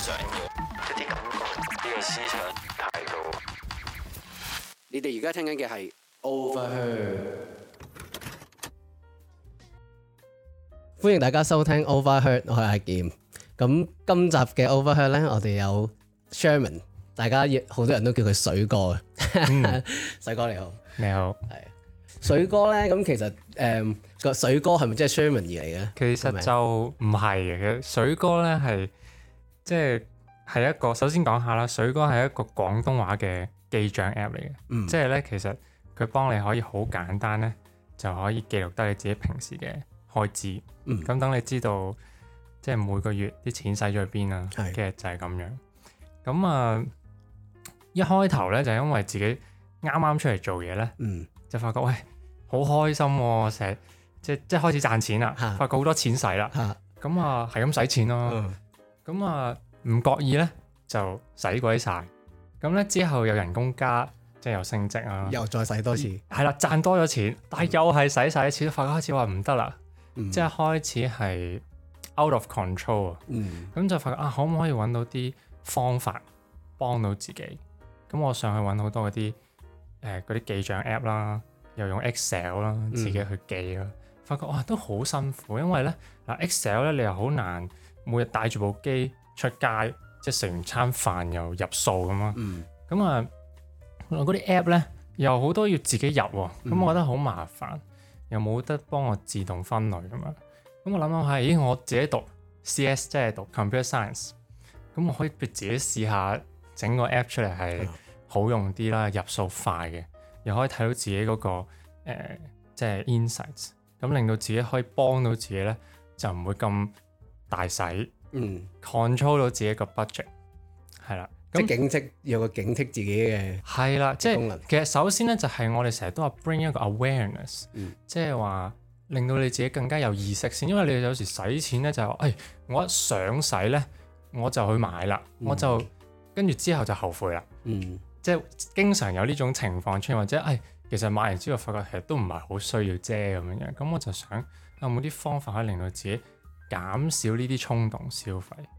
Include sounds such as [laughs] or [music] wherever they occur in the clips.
想要一啲感覺，呢個思想態度。你哋而家聽緊嘅係 Overheard，歡迎大家收聽 Overheard，我係阿劍。咁今集嘅 Overheard 咧，我哋有 Sherman，大家好多人都叫佢水哥嘅。 [laughs] 嗯、 [laughs] 水哥你好，你好，係好水哥咧。咁其實誒個、嗯、水哥係咪即係 Sherman 而嚟嘅？其實就唔係嘅，水哥咧係。即係係一個，首先講下啦。水哥係一個廣東話嘅記賬 A P P 嚟嘅，嗯、即係咧其實佢幫你可以好簡單咧，就可以記錄得你自己平時嘅開支。咁等、嗯、你知道，即係每個月啲錢使咗去邊啊。是的 其實就係咁樣。咁啊，一開頭咧就因為自己啱啱出嚟做嘢咧，嗯、就發覺喂好開心、啊，成日即即係開始賺錢啦，發覺好多錢使啦。咁啊，啊，啊，係咁使錢咯、啊。嗯咁啊，唔覺意咧就洗鬼晒。咁咧之後又人工加，即係又升職啊，又再洗多次，係啦賺多咗錢，但係又係洗晒一次。發覺開始話唔得啦，嗯、即係開始係 out of control 啊、嗯，咁就發覺啊可唔可以揾到啲方法幫到自己？咁我上去揾好多嗰啲誒嗰啲記帳 app 啦，又用 Excel 啦，自己去記啦，嗯、發覺啊，都好辛苦，因為咧嗱 Excel 咧你又好難。每日帶住部機出街，即係食完餐飯又入數咁咯。咁、嗯、啊，嗰啲 app 咧又好多要自己入、啊，咁、嗯、我覺得好麻煩，又冇得幫我自動分類咁樣。咁我諗諗下，咦，我自己讀 CS 即係讀 computer science，咁我可以自己試下整個 app 出嚟係好用啲啦，入數快嘅，又可以睇到自己嗰、個、呃、即係 insights，咁令到自己可以幫到自己咧，就唔會咁。大洗，嗯，control 到自己個 budget，係啦，即警惕有個警惕自己嘅，係啦的，即係功能。其實首先咧，就係、是、我哋成日都話 bring 一個 awareness，、嗯、即係話令到你自己更加有意識先，因為你有時使錢咧就係，哎，我一想使咧我就去買啦，我就跟住、嗯、之後就後悔啦，嗯，即係經常有呢種情況出現，或者，哎，其實買完之後發覺其實都唔係好需要啫咁樣，咁我就想有冇啲方法可以令到自己減少呢啲衝動消費，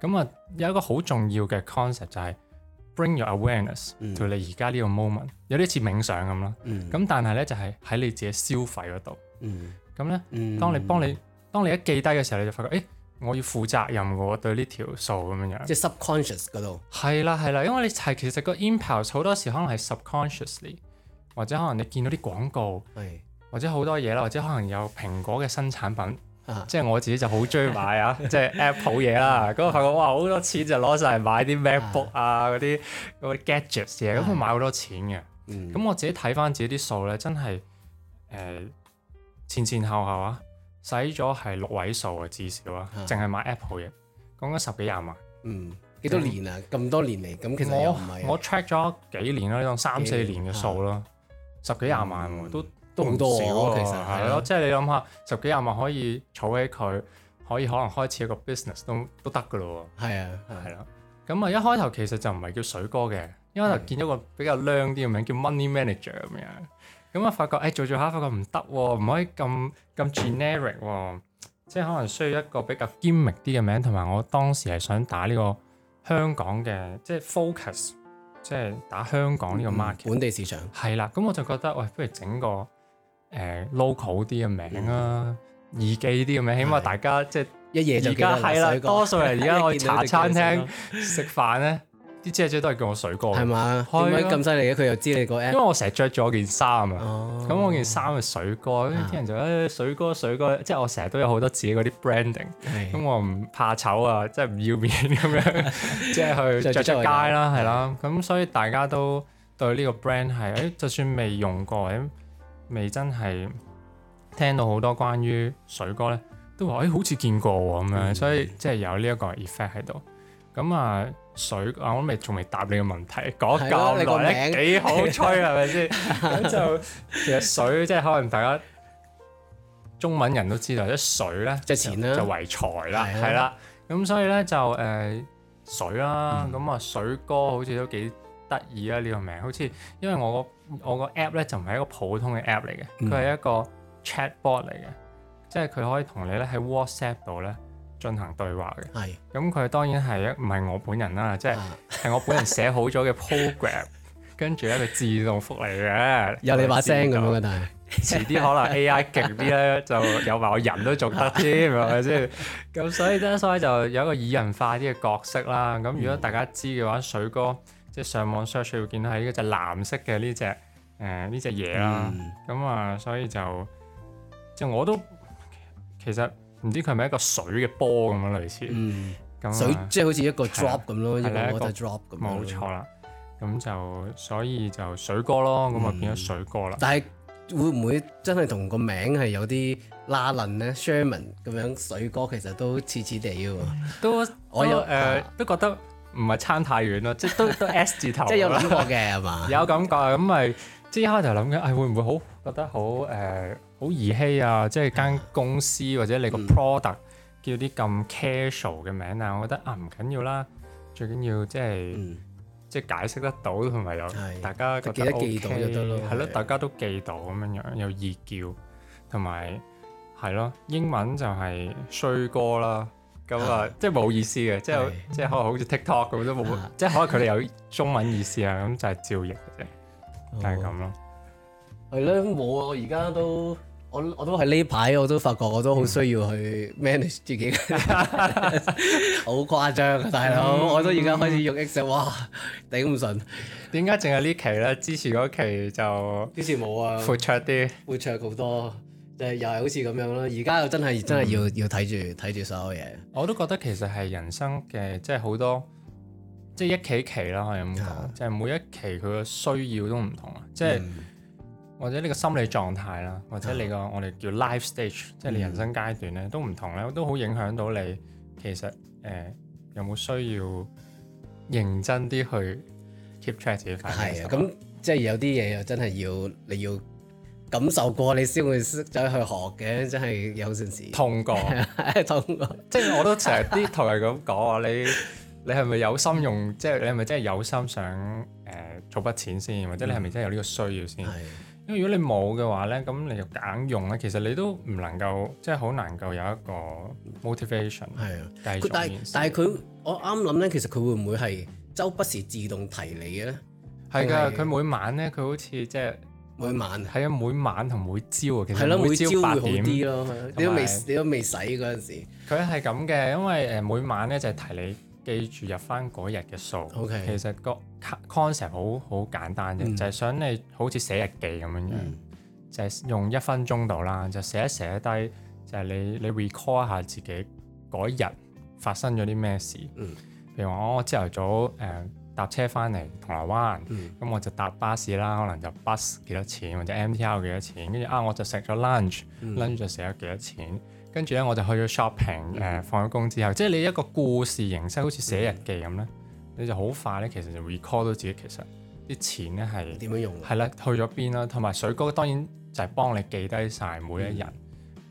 咁啊有一個好重要嘅 concept 就係 bring your awareness to、嗯、你而家呢個 moment，有啲似冥想咁啦。咁、嗯、但係咧就係喺你自己消費嗰度，咁咧當你幫你當你一記低嘅時候，你就發覺誒，我要負責任㗎，對呢條數咁樣樣，即係 subconscious 嗰度。係啦係啦，因為你係其實個 impulse 好多時可能係 subconsciously，或者可能你見到啲廣告，的或者好多嘢啦，或者可能有蘋果嘅新產品。即係我自己就好意買啊！即係 Apple 嘢啦，嗰、那個發覺哇好多錢就攞晒嚟買啲 MacBook 啊嗰啲啲 gadgets 嘢，咁 [laughs] 買好多錢嘅。咁、嗯、我自己睇翻自己啲數咧，真係誒前前後後啊，使咗係六位數啊至少，啊，淨係買 Apple 嘢，講緊十幾廿萬。嗯，幾多年啊？咁、就是、多年嚟，咁其實我、哦、我 track 咗、啊、幾年咯，呢種三四年嘅數咯，幾十幾廿萬喎、啊、都。嗯嗯。都好多其實係咯，即係你諗下，十幾廿萬可以儲起佢，可以可能開始一個 business 都都得噶咯喎。係啊，係啦。咁啊，一開頭其實就唔係叫水哥嘅，一開頭見咗個比較靚啲嘅名叫 Money Manager 咁樣。咁我發覺，誒、哎、做做下發覺唔得、啊，唔可以咁咁 generic，即係可能需要一個比較 gimmick 啲嘅名，同埋我當時係想打呢個香港嘅，即係 focus，即係打香港呢個 market，嗯、本地市場。係啦，咁我就覺得，喂，不如整個。誒 local 啲嘅名啊，耳機啲嘅名，起碼大家即係一夜就幾個係啦，多數人而家我茶餐廳食飯咧，啲姐姐都係叫我水哥。係嘛？點解咁犀利嘅？佢又知你個 app？因為我成日着咗件衫啊，咁我件衫係水哥，啲人就誒水哥水哥，即係我成日都有好多自己嗰啲 branding。咁我唔怕醜啊，即係唔要面咁樣，即係去着出街啦，係啦。咁所以大家都對呢個 brand 係誒，就算未用過未真係聽到好多關於水哥咧，都話，誒、欸，好似見過咁樣，嗯、所以即係有呢一個 effect 喺度。咁啊，水，我都未仲未答你個問題，講咁耐咧幾好吹，係咪先？咁 [laughs] 就其實水 [laughs] 即係可能大家中文人都知道，啲水咧即係錢咧就為財啦，係啦。咁所以咧就誒水啦，咁啊水哥好似都幾得意啊！呢個名，好似因為我。我個 app 咧就唔係一個普通嘅 app 嚟嘅，佢係一個 chatbot 嚟嘅，即係佢可以同你咧喺 WhatsApp 度咧進行對話嘅。係，咁佢當然係一唔係我本人啦，即係係我本人寫好咗嘅 program，跟住咧佢自動覆嚟嘅，有你把聲咁嘅，但係遲啲可能 AI 勁啲咧，就有埋我人都做得啫，係咪先？咁所以咧，所以就有一個擬人化啲嘅角色啦。咁如果大家知嘅話，水哥。即係上網 search 會見到係呢隻藍色嘅呢隻誒呢隻嘢啦，咁啊所以就即係我都其實唔知佢係咪一個水嘅波咁樣類似，咁水即係好似一個 drop 咁咯，一個一個 drop 咁。冇錯啦，咁就所以就水哥咯，咁啊變咗水哥啦。但係會唔會真係同個名係有啲拉褦咧？Sherman 咁樣水哥其實都似似地喎，都我有誒都覺得。唔係差太遠咯，即係都都 S 字頭 [laughs] 即係有， [laughs] 有感覺嘅係嘛？有感覺咁咪即係一開頭諗緊，係、哎、會唔會好覺得好誒、呃、好兒戲啊？即係間公司或者你個 product、嗯、叫啲咁 casual 嘅名啊，我覺得啊唔緊要啦，最緊要即係即係解釋得到同埋有、嗯、大家覺得 OK, 記得記到就得咯。係咯，大家都記到咁樣，有意叫同埋係咯，英文就係衰哥啦。 [laughs] 咁啊，即係冇意思嘅，即係即係可能好似 TikTok 咁都冇，即係可能佢哋有中文意思啊，咁就係照譯嘅啫，就係咁咯。係啊。我而家都我我都喺呢排，我都發覺我都好需要去 manage 自己，好誇張啊，大佬！我都而家開始用 Excel，哇，頂唔順。點解淨係呢期咧？之前嗰期就之前冇啊，闊綽啲，闊綽好多。就又係好似咁樣咯，而家又真係真係要、嗯、要睇住睇住所有嘢。我都覺得其實係人生嘅，即係好多，即係一期一期啦，可以咁講，嗯、即係每一期佢嘅需要都唔同啊。即係或者你個心理狀態啦，或者你個、嗯、我哋叫 life stage，即係你人生階段咧都唔同咧，都好影響到你。其實誒、呃，有冇需要認真啲去 keep track、啊、自己？係啊、嗯，咁即係有啲嘢又真係要你要。感受過你先會識走去學嘅，真係有陣時痛過， [laughs] 痛過。 [laughs] 即係我都成日啲同人咁講啊，你你係咪有心用？即係你係咪真係有心想誒儲筆錢先？或者你係咪真係有呢個需要先？嗯、因為如果你冇嘅話咧，咁你就硬用咧，其實你都唔能夠，即係好難夠有一個 motivation。係啊，但係但係佢，我啱諗咧，其實佢會唔會係周不時自動提你嘅咧？係㗎，佢因為每晚咧，佢好似即係。每晚係啊，每晚同每朝啊，其實係咯，每朝八點，有你都未你都未使嗰陣時。佢係咁嘅，因為誒每晚咧就係提你記住入翻嗰日嘅數。OK，其實個 concept 好好簡單嘅，嗯、就係想你好似寫日記咁樣樣，嗯、就係用一分鐘度啦，就寫一寫低，就係、是、你你 record 一下自己嗰日發生咗啲咩事。嗯，譬如話我朝頭早誒，呃搭車翻嚟銅鑼灣，咁、嗯、我就搭巴士啦，可能就 bus 幾多錢，或者 MTR 幾多錢，跟住啊我就食咗 lunch，lunch 就食咗幾多錢，跟住咧我就去咗 shopping，誒放咗工之後，即係你一個故事形式，好似寫日記咁咧，嗯、你就好快咧，其實就 recall 到自己其實啲錢咧係點樣用，係啦，去咗邊啦，同埋水哥當然就係幫你記低晒每一日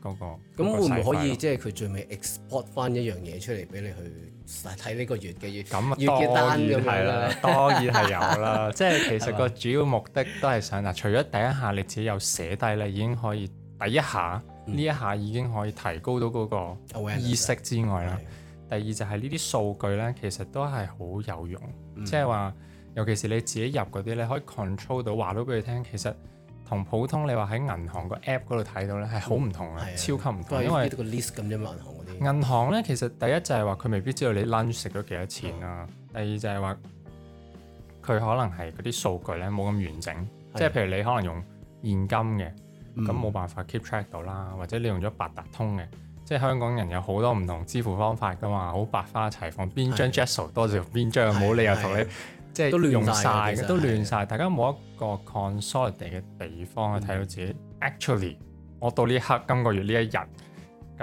嗰、那個。咁、嗯、會唔可以即係佢最尾 export 翻一樣嘢出嚟俾你去？睇呢個月嘅月咁，月結單咁係啦，當然係有啦。即係其實個主要目的都係想嗱，除咗第一下你自己有寫低咧，已經可以第一下呢一下已經可以提高到嗰個意識之外啦。第二就係呢啲數據咧，其實都係好有用，即係話，尤其是你自己入嗰啲咧，可以 control 到話到俾佢聽，其實同普通你話喺銀行個 app 度睇到咧係好唔同呀，超級唔同，因為個 list 咁啫嘛。銀行咧，其實第一就係話佢未必知道你 lunch 食咗幾多錢啊。第二就係話佢可能係嗰啲數據咧冇咁完整。的即係譬如你可能用現金嘅，咁冇、嗯、辦法 keep track 到啦。或者你用咗八達通嘅，即係香港人有好多唔同支付方法㗎嘛，好百花齊放。邊張 jetso 多就用邊張，冇的理由同你的即係是 都亂晒，實都亂晒，大家冇一個 consolidate 嘅地方去睇到自己。嗯、Actually，我到呢刻今個月呢一日。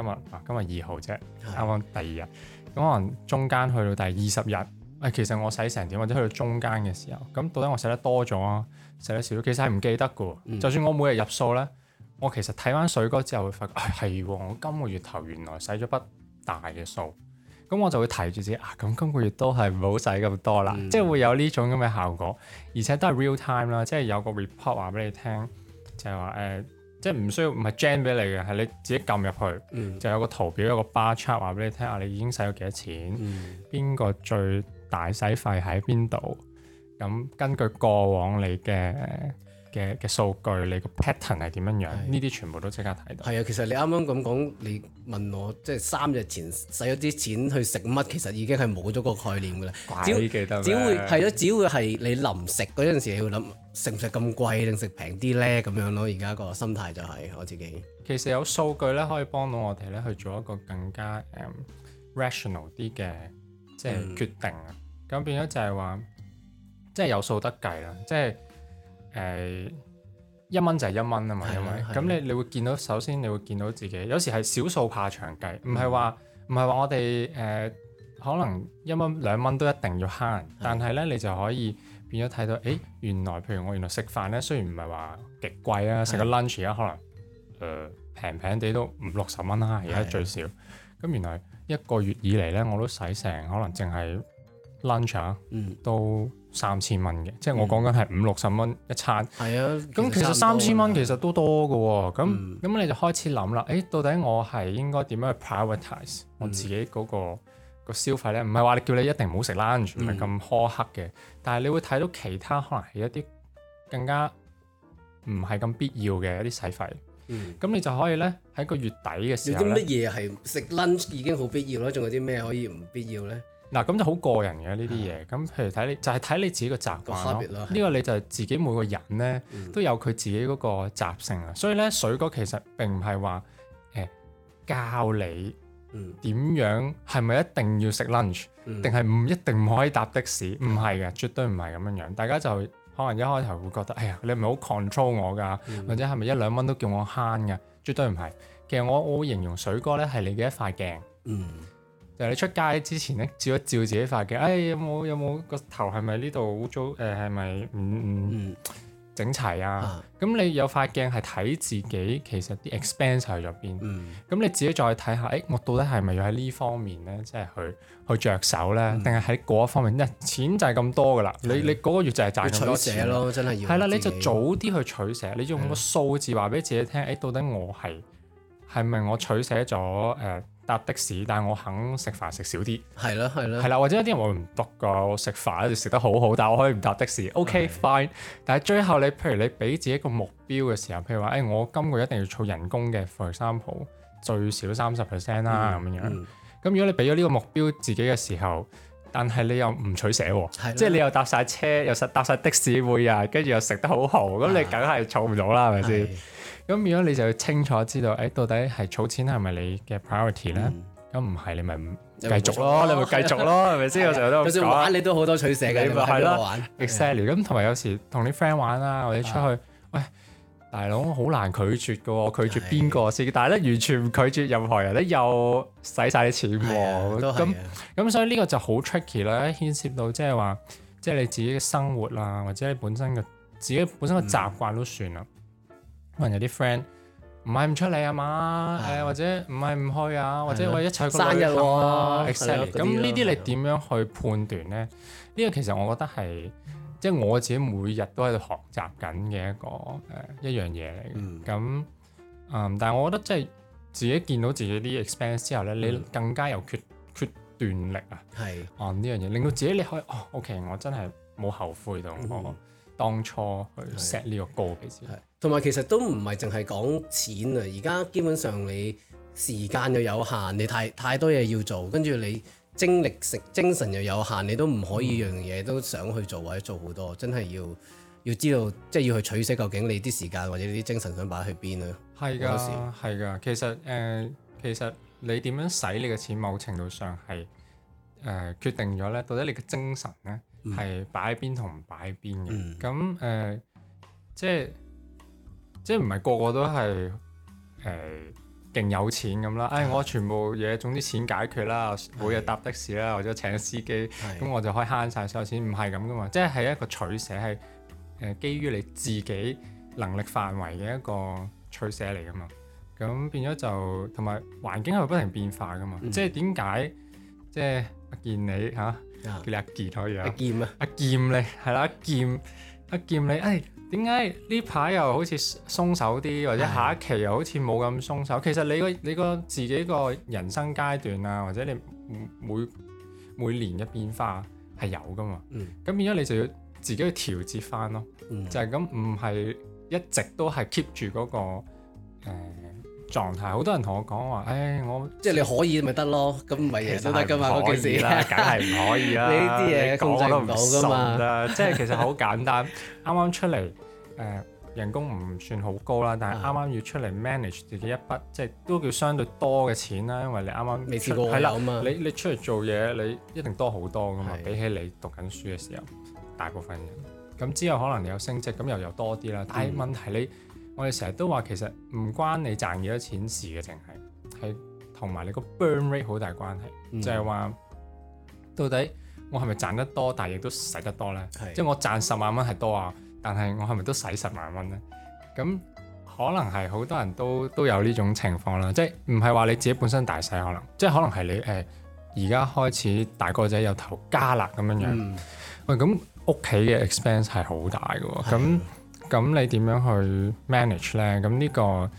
今日啊，今日二號啫，啱啱的第二日，咁可能中間去到第二十日，誒、哎，其實我洗成點或者去到中間嘅時候，咁到底我洗得多咗啊，洗得少？其實係唔記得嘅，嗯、就算我每日入數咧，我其實睇翻水哥之後會發覺係喎、哎，我今個月頭原來洗咗筆大嘅數，咁我就會提住自己啊，咁今個月都係唔好使咁多啦，嗯、即係會有呢種咁嘅效果，而且都係 real time 啦，即係有個 report 話俾你聽，就係話誒。呃即係唔需要，唔係 jam 俾你嘅，係你自己撳入去，嗯、就有個圖表，有個 bar chart 話俾你聽下你已經使咗幾多錢，邊個、嗯、最大使費喺邊度？咁根據過往你嘅嘅嘅數據，你個 pattern 係點樣樣？呢啲的全部都即刻睇到。係啊，其實你啱啱咁講，你問我即係三日前使咗啲錢去食乜，其實已經係冇咗個概念噶啦。怪只記得，只會係咯，只會係你臨食嗰陣時你會諗，食唔食咁貴定食平啲咧咁樣咯。而家個心態就係、是、我自己。其實有數據咧，可以幫到我哋咧去做一個更加、um, rational 啲嘅即係決定啊。咁、嗯、變咗就係話，即係有數得計啦，即係。誒一蚊就係一蚊啊嘛，因為咁你你會見到，首先你會見到自己有時係小數怕長計。唔係話唔係話我哋誒、呃、可能一蚊兩蚊都一定要慳，的但係咧你就可以變咗睇到，誒、欸、原來譬如我原來食飯咧，雖然唔係話極貴啊，食個 lunch 啊，可能誒平平地都五六十蚊啦，而家最少，咁的原來一個月以嚟咧我都使成可能淨係 lunch 啊，都、嗯。嗯三千蚊嘅，即係我講緊係五六十蚊一餐。係啊、嗯，咁其實三千蚊其實都多㗎喎。咁咁、嗯、你就開始諗啦，誒、欸、到底我係應該點樣去 prioritize 我自己嗰、那個嗯、個消費咧？唔係話你叫你一定唔好食 lunch，唔係咁苛刻嘅。嗯、但係你會睇到其他可能係一啲更加唔係咁必要嘅一啲使費。咁、嗯、你就可以咧喺個月底嘅時候有啲乜嘢係食 lunch 已經好必要啦？仲有啲咩可以唔必要咧？嗱咁就好個人嘅呢啲嘢，咁的譬如睇你，就係、是、睇你自己嘅習慣咯。呢個，個你就自己每個人咧都有佢自己嗰個習性啊。所以咧，水哥其實並唔係話誒教你點樣，係咪一定要食 lunch，定係唔一定唔可以搭的士？唔係嘅，絕對唔係咁樣樣。大家就可能一開頭會覺得，哎呀，你係咪好 control 我㗎？嗯、或者係咪一兩蚊都叫我慳㗎？絕對唔係。其實我我會形容水哥咧係你嘅一塊鏡。嗯就你出街之前咧，照一照自己塊鏡，哎，有冇有冇個頭係咪呢度污糟？誒係咪唔唔整齊啊？咁、嗯、你有塊鏡係睇自己，其實啲 expense 喺入邊。咁、嗯、你自己再睇下，哎，我到底係咪要喺呢方面咧，即係去去着手咧，定係喺嗰一方面？因為錢就係咁多㗎喇，的你你嗰個月就係賺咁多錢。取捨咯，真係要。係啦，你就早啲去取捨。你用個數字話俾自己聽，的哎，到底我係係咪我取捨咗誒？呃搭的士，但我肯食飯食少啲，係咯係咯，係啦。或者有啲人我唔 b o 我食飯，就食得好好，但係我可以唔搭的士的，OK fine。但係最後你，譬如你俾自己一個目標嘅時候，譬如話，誒、哎、我今個月一定要儲人工嘅，for example 最少三十 percent 啦咁樣。咁、嗯嗯、如果你俾咗呢個目標自己嘅時候，但係你又唔取捨、啊，的即係你又搭晒車，又搭晒的士會啊，跟住又食得好好，咁你梗係儲唔到啦，係咪先？咁如果你就清楚知道，誒到底係儲錢係咪你嘅 priority 咧？咁唔係你咪繼續咯，你咪繼續咯，係咪先？有時候都咁講。玩你都好多取捨嘅，你話係咯。exactly。咁同埋有時同啲 friend 玩啊，或者出去，喂，大佬好難拒絕㗎喎，拒絕邊個先？但係咧完全唔拒絕任何人咧，又使晒啲錢喎。咁咁所以呢個就好 tricky 啦，牽涉到即係話，即係你自己嘅生活啊，或者你本身嘅自己本身嘅習慣都算啦。朋友啲 friend 唔係唔出嚟啊嘛，誒的或者唔係唔去啊，或者我一齊去、啊、生日喎。Excel。咁呢啲你點樣去判斷咧？呢的個其實我覺得係即係我自己每日都喺度學習緊嘅一個誒、呃、一樣嘢嚟嘅。咁嗯，嗯，但係我覺得即係自己見到自己啲 expense 之後咧，你更加有決決斷力啊的。係、嗯。啊呢樣嘢令到自己你可以哦，OK，我真係冇後悔到我、嗯、當初去 set 呢個 goal 嘅時候。同埋其實都唔係淨係講錢啊！而家基本上你時間又有限，你太太多嘢要做，跟住你精力成精神又有限，你都唔可以一樣嘢都想去做或者做好多，真係要要知道即係、就是、要去取捨，究竟你啲時間或者你啲精神想擺去邊呀？係㗎的，係㗎時。其實誒、呃，其實你點樣使你嘅錢，某程度上係誒、呃、決定咗咧，到底你嘅精神咧係擺邊同唔擺邊嘅。咁誒、嗯呃，即係。即係唔係個個都係誒、呃、勁有錢咁啦？誒、哎、我全部嘢總之錢解決啦，每日搭的士啦，是的 或者請司機，咁是的、嗯、我就可以慳晒所有錢。唔係咁噶嘛，即係係一個取捨，係誒基於你自己能力範圍嘅一個取捨嚟噶嘛。咁變咗就同埋環境係不停變化噶嘛。嗯、即係點解？即係阿健你嚇、啊嗯、叫你阿健可以啊？阿、啊、劍啊！阿、啊、劍你係啦！阿劍阿劍你誒～、啊點解呢排又好似鬆手啲，或者下一期又好似冇咁鬆手？其實你個你個自己個人生階段啊，或者你每每年嘅變化係有噶嘛？嗯，咁變咗你就要自己去調節翻咯，嗯、就係咁，唔係一直都係 keep 住嗰、嗰個、嗯狀態好多人同我講話，誒、哎、我即係你可以咪得咯？咁咪其實都得噶嘛嗰件事啦，梗係唔可以啦！以以 [laughs] 你呢啲嘢控制唔到噶嘛？ [laughs] 即係其實好簡單，啱啱 [laughs] 出嚟誒、呃，人工唔算好高啦，但係啱啱要出嚟 manage 自己一筆即係都叫相對多嘅錢啦，因為你啱啱未試過係啊嘛！你你出嚟做嘢，你一定多好多噶嘛，的比起你讀緊書嘅時候大部分人。人咁之後可能你有升職，咁又又多啲啦。但係問題你，嗯我哋成日都話，其實唔關你賺幾多錢事嘅，淨係係同埋你個 burn rate 好大關係，嗯、就係話到底我係咪賺得多，但係亦都使得多咧？是的 即係我賺十萬蚊係多啊，但係我係咪都使十萬蚊咧？咁可能係好多人都都有呢種情況啦，即係唔係話你自己本身大細可能，即係可能係你誒而家開始大個仔有頭家啦咁樣樣。喂、嗯哎，咁屋企嘅 expense 係好大㗎喎，咁是的。咁你點樣去 manage 咧？咁呢、這個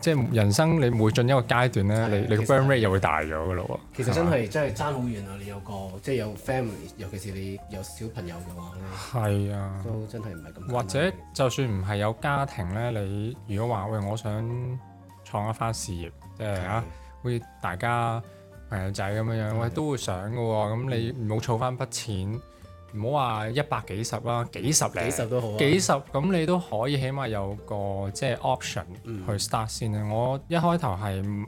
即係、就是、人生，你每進一個階段咧，的你你嘅 burn rate 又會大咗嘅咯喎。其實真係真係爭好遠啊！你有個即係、就是、有 family，尤其是你有小朋友嘅話咧，係啊的，都真係唔係咁。或者就算唔係有家庭咧，你如果話喂，我想創一番事業，即係嚇，好似的大家朋友仔咁樣樣，的喂都會想嘅喎。咁你唔好儲翻筆錢。唔好話一百幾十啦，幾十零，幾十都好、啊，幾十咁你都可以起碼有個即係 option 去 start 先啊！嗯、我一開頭係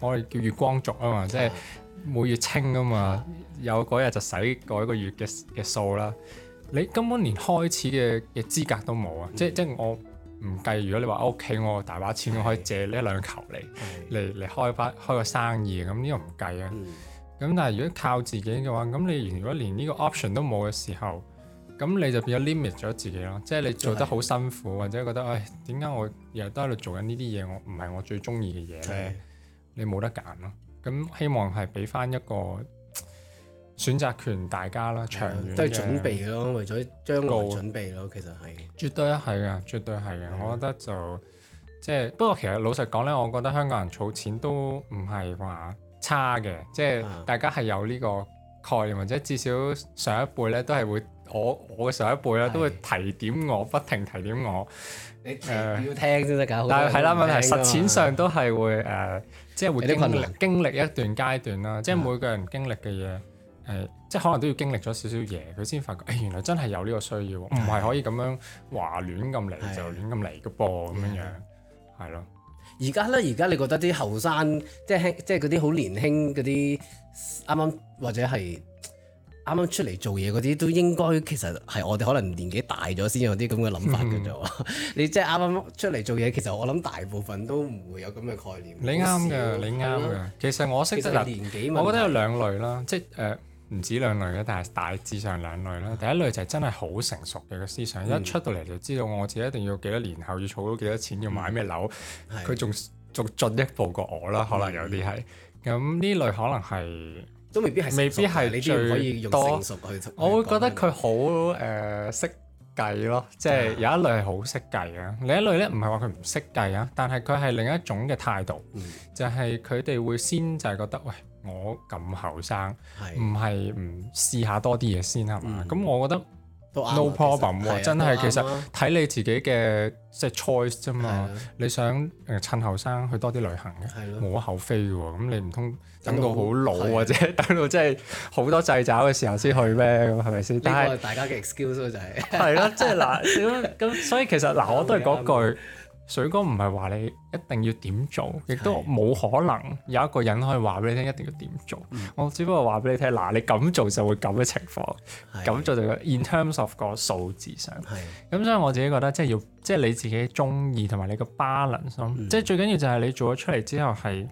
我係叫月光族啊嘛，即係每月清啊嘛，有嗰日就使嗰個月嘅嘅數啦。你根本連開始嘅嘅資格都冇啊、嗯！即即我唔計，如果你話、OK, 我屋企我大把錢，我可以借一兩球嚟嚟嚟開翻開個生意，咁呢個唔計啊。嗯。咁但係如果靠自己嘅話，咁你如果連呢個 option 都冇嘅時候，咁你就變咗 limit 咗自己咯。即係你做得好辛苦，就是、或者覺得唉，點、哎、解我日日都喺度做緊呢啲嘢，我唔係我最中意嘅嘢咧，的你冇得揀咯。咁希望係俾翻一個選擇權大家啦，長遠都係準備咯，為咗將來準備咯，其實係。絕對係噶，絕對係噶，我覺得就即係、就是、不過其實老實講咧，我覺得香港人儲錢都唔係話，差嘅，即係大家係有呢個概念，或者至少上一輩咧都係會，我我嘅上一輩咧都會提點我，不停提點我。嗯呃、你要聽先但得㗎。但係啦，問題實踐上都係會誒，即、呃、係、嗯、會經歷經歷一段階段啦。即係每個人經歷嘅嘢，誒、呃、即係可能都要經歷咗少少嘢，佢先發覺、欸，原來真係有呢個需要，唔係、嗯、可以咁樣話、呃、亂咁嚟就亂咁嚟嘅噃，咁對 是樣樣係咯。對 而家咧，而家你覺得啲後生，即係即係嗰啲好年輕嗰啲，啱啱或者係啱啱出嚟做嘢嗰啲，都應該其實係我哋可能年紀大咗先有啲咁嘅諗法嘅啫、嗯、 [laughs] 你即係啱啱出嚟做嘢，其實我諗大部分都唔會有咁嘅概念。你啱嘅， [laughs] 你啱嘅。其實我識得年紀，我覺得有兩類啦，即係誒。Uh, 唔止兩類嘅，但係大致上兩類啦。第一類就係真係好成熟嘅個思想，嗯、一出到嚟就知道我自己一定要幾多年後要儲到幾多錢，要買咩樓。佢仲仲進一步過我啦，嗯、可能有啲係。咁呢類可能係都未必係未必係最多。我會覺得佢好誒識計咯，即係有一類係好識計㗎，另一類咧唔係話佢唔識計啊，但係佢係另一種嘅態度，嗯、就係佢哋會先就係覺得喂，我咁後生，唔係唔試下多啲嘢先係嘛？咁、嗯、我覺得 no problem 真係其實睇你自己嘅即係 choice 啫嘛。你想誒趁後生去多啲旅行嘅，無可厚非喎。咁你唔通等到老好老或者等到即係好多掣肘嘅時候先去咩？咁係咪先？因為 [laughs] [laughs] 是大家嘅 excuse 就係係咯，即係嗱，咁咁，所以其實嗱辣，我都係嗰句。水哥唔係話你一定要點做，亦都冇可能有一個人可以話俾你聽一定要點做。的我只不過話俾你聽，嗱，你咁做就會咁嘅情況，咁的做就是、in terms of 個數字上。咁的所以我自己覺得即係要，即係你自己中意同埋你個 balance，的即係最緊要就係你做咗出嚟之後係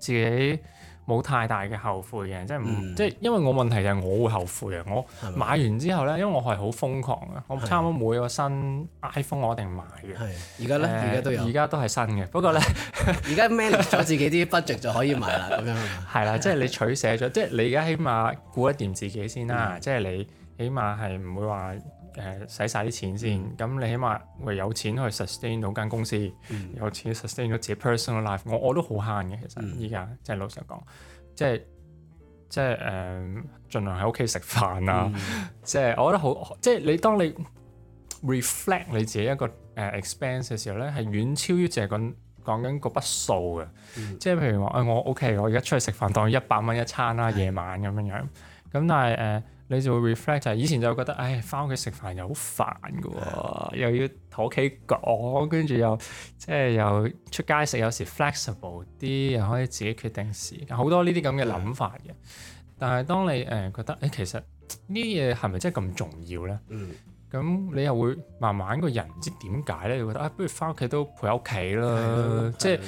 自己。冇太大嘅後悔嘅，即係唔、嗯、即係，因為我問題就係我會後悔嘅。我買完之後咧，因為我係好瘋狂嘅，我差唔多每個新 iPhone 我一定買嘅。而家咧，而家、呃、都有，而家都係新嘅。不過咧，而家 man 咗自己啲 budget 就可以買啦。咁樣係咪？係啦，即係你取捨咗， [laughs] 即係你而家起碼顧一掂自己先啦。 [laughs] 即係你起碼係唔會話。誒使晒啲錢先，咁、嗯、你起碼會有錢去 sustain 到間公司，嗯、有錢 sustain 咗自己 personal life。我我都好慳嘅，其實依家即係老實講，即係即係誒、呃，盡量喺屋企食飯啊！嗯、即係我覺得好，即係你當你 reflect 你自己一個誒、uh, expense 嘅時候咧，係遠超於淨係講緊嗰筆數嘅。嗯、即係譬如話，誒、哎、我 OK，我而家出去食飯，當一百蚊一餐啦，夜晚咁樣樣。咁、嗯、但係誒。呃你就會 reflect 就係以前就會覺得，唉，翻屋企食飯又好煩㗎喎，又要同屋企講，跟住又即係又出街食，有時 flexible 啲，又可以自己決定時間，好多呢啲咁嘅諗法嘅。但係當你誒覺得，誒其實呢啲嘢係咪真係咁重要咧？嗯。咁你又會慢慢個人唔知點解咧，你覺得啊，不如翻屋企都陪屋企啦，即係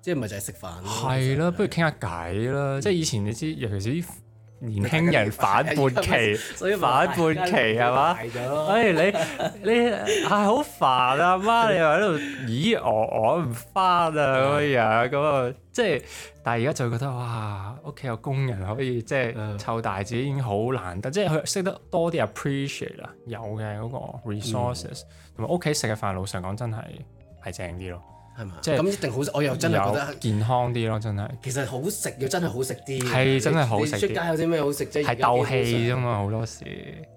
即係咪就係食飯？係啦，不如傾下偈啦。即係以前你知，尤其是年輕人反叛期，所以反叛期係嘛？哎、 [laughs] hey,，你你係好煩啊！媽，你喺度咦？我我唔翻啊咁樣咁啊，啊啊啊 Okay. 樣，即係但係而家就覺得哇，屋企有工人可以即係湊大自己已經好難得，即係佢識得多啲 appreciate 啦，有嘅嗰個 resources 同埋屋企食嘅飯，老實講真係係正啲咯。係嘛？即係咁一定好食，我又真係覺得健康啲咯，真係。其實好食又真係好食啲。係真係好食，出街有啲咩好食即係？係鬥氣啫嘛，好多時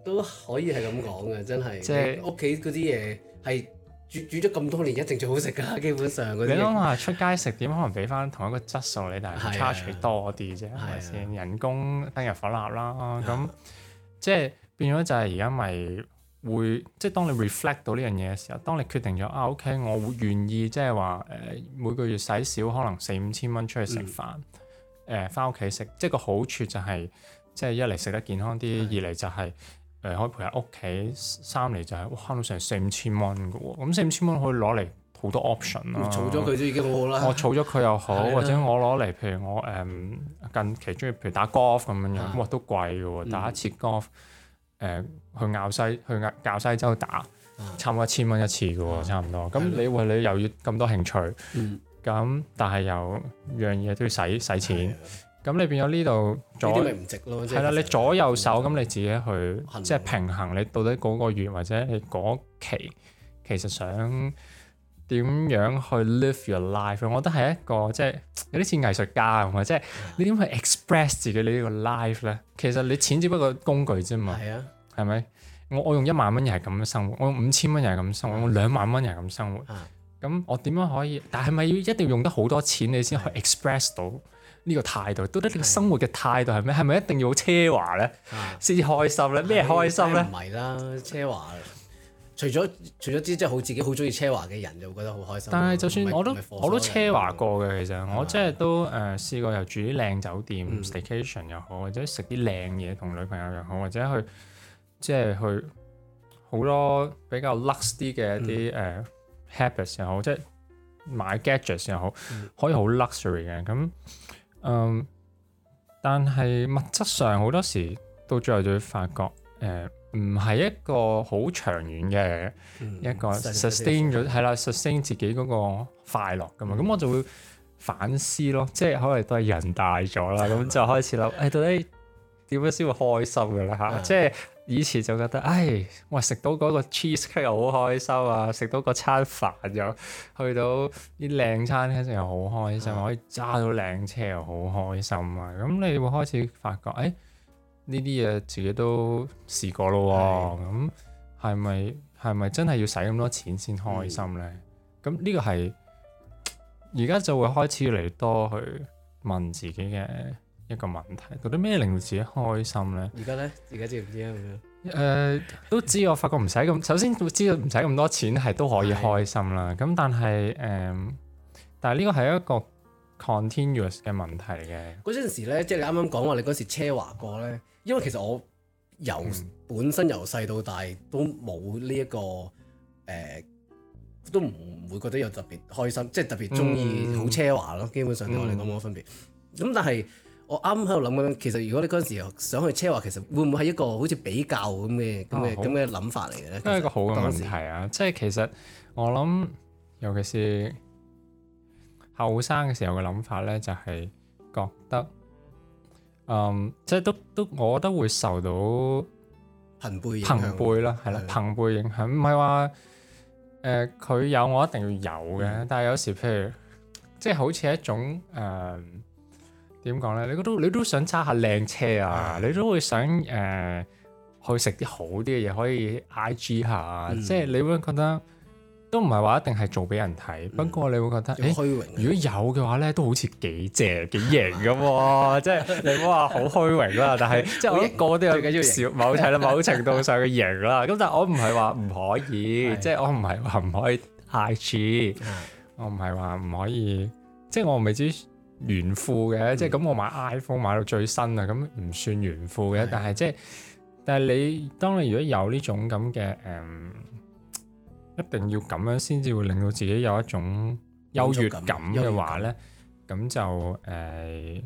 都可以係咁講嘅，真係。即係屋企嗰啲嘢係煮煮咗咁多年，一定最好食噶，基本上啲。你諗下出街食點，可能畀返同一個質素，你但係差取多啲啫，係咪先？啊、人工燈油火蠟啦，咁 [laughs] 即係變咗就係而家咪。會即係當你 reflect 到呢樣嘢嘅時候，當你決定咗啊 OK，我會願意即係話誒每個月使少可能四五千蚊出去食飯，誒返屋企食，即係個好處就係、是、即係一嚟食得健康啲，是的 二嚟就係、是、誒、呃、可以陪下屋企，三嚟就係、是、哇慳到成四五千蚊嘅喎，咁四五千蚊可以攞嚟好多 option 啦、啊。儲咗佢都已經好好啦。我儲咗佢又好， [laughs] 對啊、或者我攞嚟，譬如我誒近期鍾意譬如打 golf 咁樣，哇、 [laughs] 啊、都貴嘅喎，打一次 golf。 [laughs] 誒去咬西去咬西洲打，差唔多一千蚊一次嘅喎，嗯、差唔多。咁你話的你又要咁多興趣，咁、嗯、但係有樣嘢都要使使錢，咁的你變咗呢度左，係啦，你左右手咁、嗯、你自己去，動即係平衡你到底嗰個月或者係嗰期其實想。嗯點樣去 live your life？我覺得係一個即係有啲似藝術家啊，唔係即係你點去 express 自己你呢個 life 咧？其實你錢只不過工具啫嘛，係是啊，係咪？我我用一萬蚊又係咁生活，我用五千蚊又係咁生活，我兩萬蚊又係咁生活。咁是、啊、我點樣可以？但係咪要一定要用得好多錢你先可以 express 到呢個態度？到底你生活嘅態度係咩？係咪一定要奢華咧先至開心咧？咩開心咧？唔係啦，奢華。除咗除咗啲即係好自己好中意奢華嘅人，就會覺得好開心。但係就算我都我都奢華過嘅，其實吧我即係都誒、呃、試過又住啲靚酒店、嗯、Staycation 又好，或者食啲靚嘢同女朋友又好，或者去即係去好多比較 lux 啲嘅一啲誒 habits 又好，即係買 gadgets 又好，嗯、可以好 luxury 嘅咁。嗯，但係物質上好多時到最後就會發覺誒。呃唔係一個好長遠嘅一個 sustain 咗係啦 sustain 自己嗰個快樂㗎嘛，咁我就會反思咯，即係可能都係人大咗啦，咁就開始諗誒到底點樣先會開心㗎啦嚇，即係以前就覺得唉，我食到嗰個 cheese 又好開心啊，食到個餐飯又去到啲靚餐廳食又好開心，可以揸到靚車又好開心啊，咁你會開始發覺誒。呢啲嘢自己都試過咯喎、哦，咁係咪係咪真係要使咁多錢先開心咧？咁呢、嗯、個係而家就會開始嚟多去問自己嘅一個問題，覺得咩令到自己開心咧？而家咧，而家知唔知咧咁樣？誒 [laughs] 呃，都知我發覺唔使咁，首先會知道唔使咁多錢係都可以開心啦。咁的但係誒、嗯，但係呢個係一個 continuous 嘅問題嘅。嗰陣時咧，即係你啱啱講話，你嗰時奢華過咧。因為其實我由本身由細到大都冇呢一個誒、呃，都唔會覺得有特別開心，即係特別鍾意好奢華咯。嗯、基本上對我嚟講冇乜分別。咁但係我啱喺度諗緊，其實如果你嗰陣時想去奢華，其實會唔會係一個好似比較咁嘅咁嘅咁嘅諗法嚟嘅咧？呢個係一個好嘅問題啊！即係其實我諗，嗯、尤其是後生嘅時候嘅諗法咧，就係覺得。嗯，um, 即係都都，我都會受到朋輩朋輩啦，係啦，朋輩影響，唔係話誒佢有我一定要有嘅，嗯、但係有時譬如即係好似一種誒點講咧，你都你都想揸下靚車啊，嗯、你都會想誒、呃、去食啲好啲嘅嘢，可以 IG 下，嗯、即係你會覺得。都唔係話一定係做俾人睇，不過你會覺得虛榮，如果有嘅話咧，都好似幾正幾型咁，即係你唔好話好虛榮啦。但係即係我一得個個都有少某係啦，某程度上嘅型啦。咁但係我唔係話唔可以，即係我唔係話唔可以 IG，我唔係話唔可以，即係我未知炫富嘅。即係咁，我買 iPhone 買到最新啊，咁唔算炫富嘅。但係即係，但係你當你如果有呢種咁嘅誒，一定要咁樣先至會令到自己有一種優越感嘅話咧，咁就誒，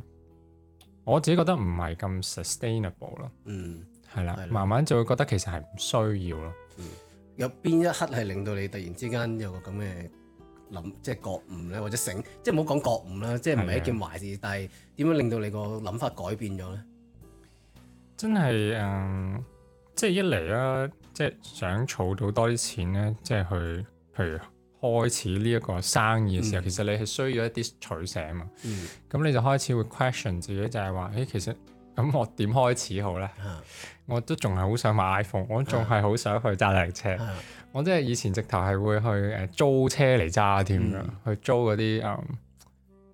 我自己覺得唔係咁 sustainable 咯。嗯，係啦，慢慢就會覺得其實係唔需要咯。嗯，有邊一刻係令到你突然之間有個咁嘅諗，即係覺悟咧，或者醒，即係唔好講覺悟啦，即係唔係一件壞事，但係點樣令到你個諗法改變咗咧？真係誒。即係一嚟啊，即係想儲到多啲錢咧，即係去譬如開始呢一個生意嘅時候，其實你係需要一啲取捨啊嘛。嗯，咁你就開始會 question 自己，就係話：誒，其實咁我點開始好咧？我都仲係好想買 iPhone，我仲係好想去揸靚車。我即係以前直頭係會去誒租車嚟揸添嘅，去租嗰啲誒，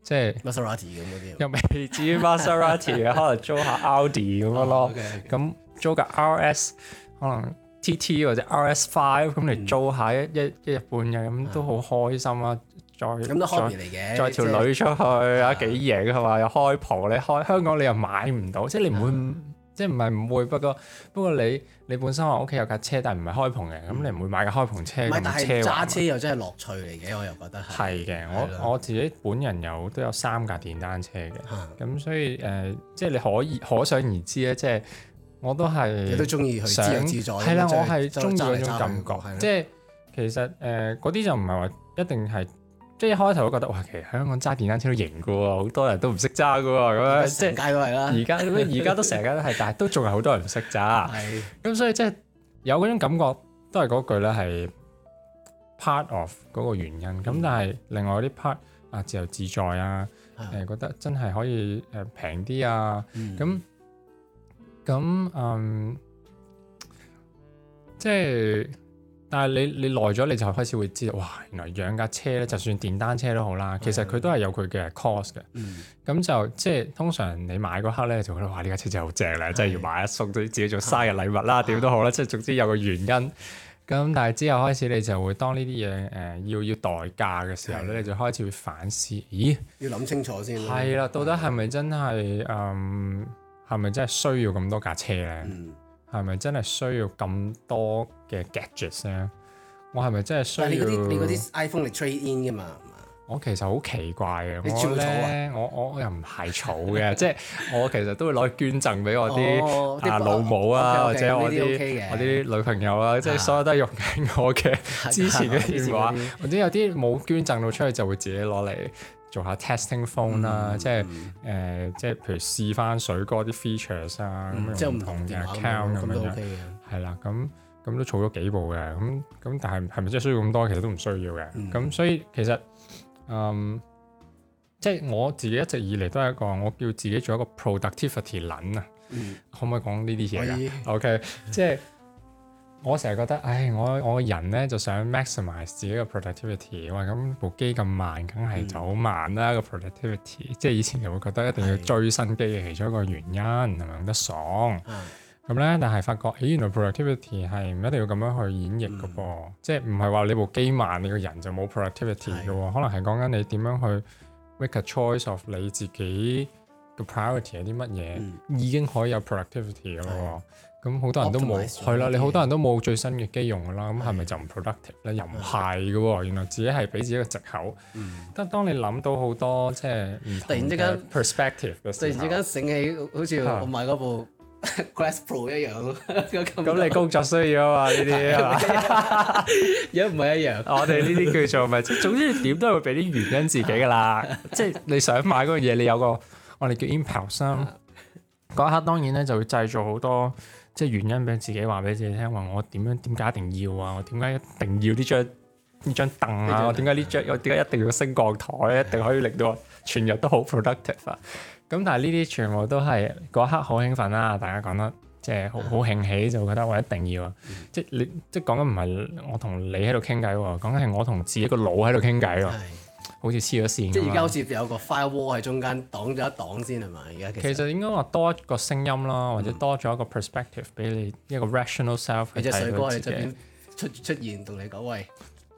即係 Maserati 咁嗰啲，又未至於 Maserati，可能租下 Audi 咁樣咯。咁租架 RS，可能 TT 或者 RS Five 咁你租一下、嗯、一一一一半日，咁都好開心啊！再、嗯、再，都 hobby 再，再條女出去啊是幾嘢佢話嘛，又開篷你開香港你又買唔到，即係你唔會，嗯、即係唔係唔會，不過不過你你本身我屋企有架車，但係唔係開篷嘅，咁你唔會買架開篷車咁車。揸車又真係樂趣嚟嘅，我又覺得係。係嘅，我的的我自己本人都有都有三架電單車嘅，咁、嗯、所以誒、呃，即係你可以可想而知咧，即係。我都係，你都中意去自由自在。係啦 [laughs] 是，我係中意嗰種感覺。即係其實誒，嗰、呃、啲就唔係話一定係，即、就、係、是、一開頭我覺得哇，其實香港揸電單車都型㗎喎，好多人都唔識揸㗎喎，咁樣即係而家咁樣，而家都成日都係，但係都仲係好多人唔識揸。係 [laughs] 是。咁所以即係、就是、有嗰種感覺，都係嗰句咧係 part of 嗰個原因。咁、嗯、但係另外嗰啲 part 啊，自由自在啊，誒覺得真係可以誒平啲啊，咁、嗯。 [laughs] 咁嗯，即係，但係你你耐咗你就開始會知道，哇，原來養架車咧，就算電單車都好啦，其實佢都係有佢嘅 cost 嘅。咁、嗯、就即係通常你買嗰刻咧，就會覺得哇，呢架車真係好正咧，對即係要買一送啲自己做生日禮物啦，點都好啦，即係總之有個原因。咁但係之後開始你就會當呢啲嘢誒要要代價嘅時候咧，對你就開始會反思，咦？要諗清楚先。係啦，到底係咪真係嗯？ [noise] [noise] 係咪真係需要咁多架車咧？係咪真係需要咁多嘅 gadgets 咧？我係咪真係需要？你嗰啲你啲 iPhone 嚟 trade in 㗎嘛？我其實好奇怪嘅，我咧我我我又唔係儲嘅，即係我其實都會攞去捐贈俾我啲老母啊，或者我啲我啲女朋友啊，即係所有都係用緊我嘅之前嘅電話，或者有啲冇捐贈到出去就會自己攞嚟。做下 testing phone 啦，即係誒，即係譬如試翻水哥啲 features 啊，咁即係唔同嘅 account 咁樣，係啦，咁咁都儲咗幾部嘅，咁咁但係係咪真係需要咁多？其實都唔需要嘅，咁所以其實嗯，即係我自己一直以嚟都係一個我叫自己做一個 productivity 撚啊，可唔可以講呢啲嘢㗎？OK，即係。我成日覺得，唉、哎，我我個人咧就想 maximize 自己嘅 productivity，哇！咁部機咁慢，梗係就好慢啦。嗯、個 productivity，即係以前就會覺得一定要追新機嘅其中一個原因，同埋用得爽。咁咧、嗯嗯，但係發覺，唉、欸，原來 productivity 係唔一定要咁樣去演繹嘅噃，嗯、即係唔係話你部機慢，你個人就冇 productivity 嘅喎？嗯、可能係講緊你點樣去 make a choice of 你自己嘅 priority 係啲乜嘢，嗯、已經可以有 productivity 嘅喎。嗯咁好、嗯、多人都冇，係啦！你好多人都冇最新嘅機用噶啦，咁係咪就唔 productive 咧？又唔係嘅喎，原來自己係俾自己一個藉口。嗯、但係當你諗到好多即係，突然之間 perspective 突然之間醒起好似我買嗰部 Glass Pro 一樣咁 [laughs] 多、嗯、你工作需要啊嘛？呢啲，而家唔係一樣。 [laughs] 一樣 [laughs] [laughs] 我哋呢啲叫做咪，總之都點都係會俾啲原因自己噶啦。 [laughs] 即係你想買嗰樣嘢，你有個我哋叫 impulse o。嗰一刻當然咧就會製造好多。即係原因俾自己話俾自己聽，話我點樣點解一定要啊？我點解一定要呢張呢張凳啊？啊我點解呢張我點解一定要升降台？一定可以令到我全日都好 productive 啊！咁 [laughs] 但係呢啲全部都係嗰一刻好興奮啦、啊，大家講得即係好好興起，就覺得我一定要啊！嗯、即你即係講緊唔係我同你喺度傾偈喎，講緊係我同自己個腦喺度傾偈喎。 [laughs] 好似黐咗線，即係而家好似有個 firewall 喺中間擋咗一擋先係咪？而家其，其實應該話多一個聲音啦，嗯、或者多咗一個 perspective 俾你一個 rational self 去睇。只、嗯、水哥喺出邊出出現同你講喂，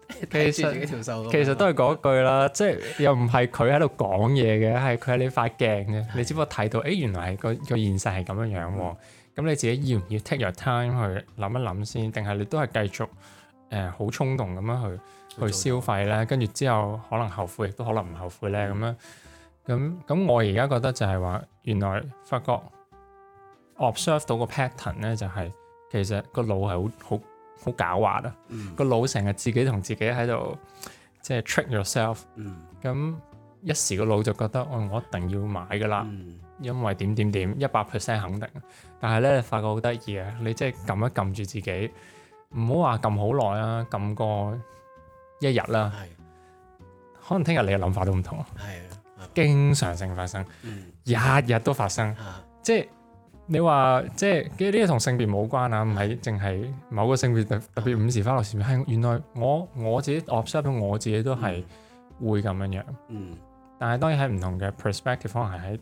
其實都係嗰句啦， [laughs] 即係又唔係佢喺度講嘢嘅，係佢喺你塊鏡嘅。 [laughs] 你只不過睇到，哎、欸，原來係個個現實係咁樣樣、啊、喎。咁、嗯、你自己要唔要 take your time 去諗一諗先？定係你都係繼續？誒好、呃、衝動咁樣去去消費咧，跟住之後可能後悔，亦都可能唔後悔咧咁樣。咁咁我而家覺得就係話，原來發覺 observe 到個 pattern 咧，就係、是、其實個腦係好好好狡猾啊。個、嗯、腦成日自己同自己喺度，即、就、係、是、trick yourself、嗯。咁一時個腦就覺得，哦，我一定要買噶啦，嗯、因為點點點，一百 percent 肯定。但係咧，發覺好得意啊，你即係撳一撳住自己。唔好話撳好耐啦，撳過一日啦，的可能聽日你嘅諗法都唔同。係啊的，經常性發生，日日、嗯、都發生。啊、即係你話，即係呢啲同性別冇關啊，唔係淨係某個性別特別的特別五時花六時變，係的原來我我自己 observe 我自己都係會咁樣樣。嗯，但係當然喺唔同嘅 perspective 方向，喺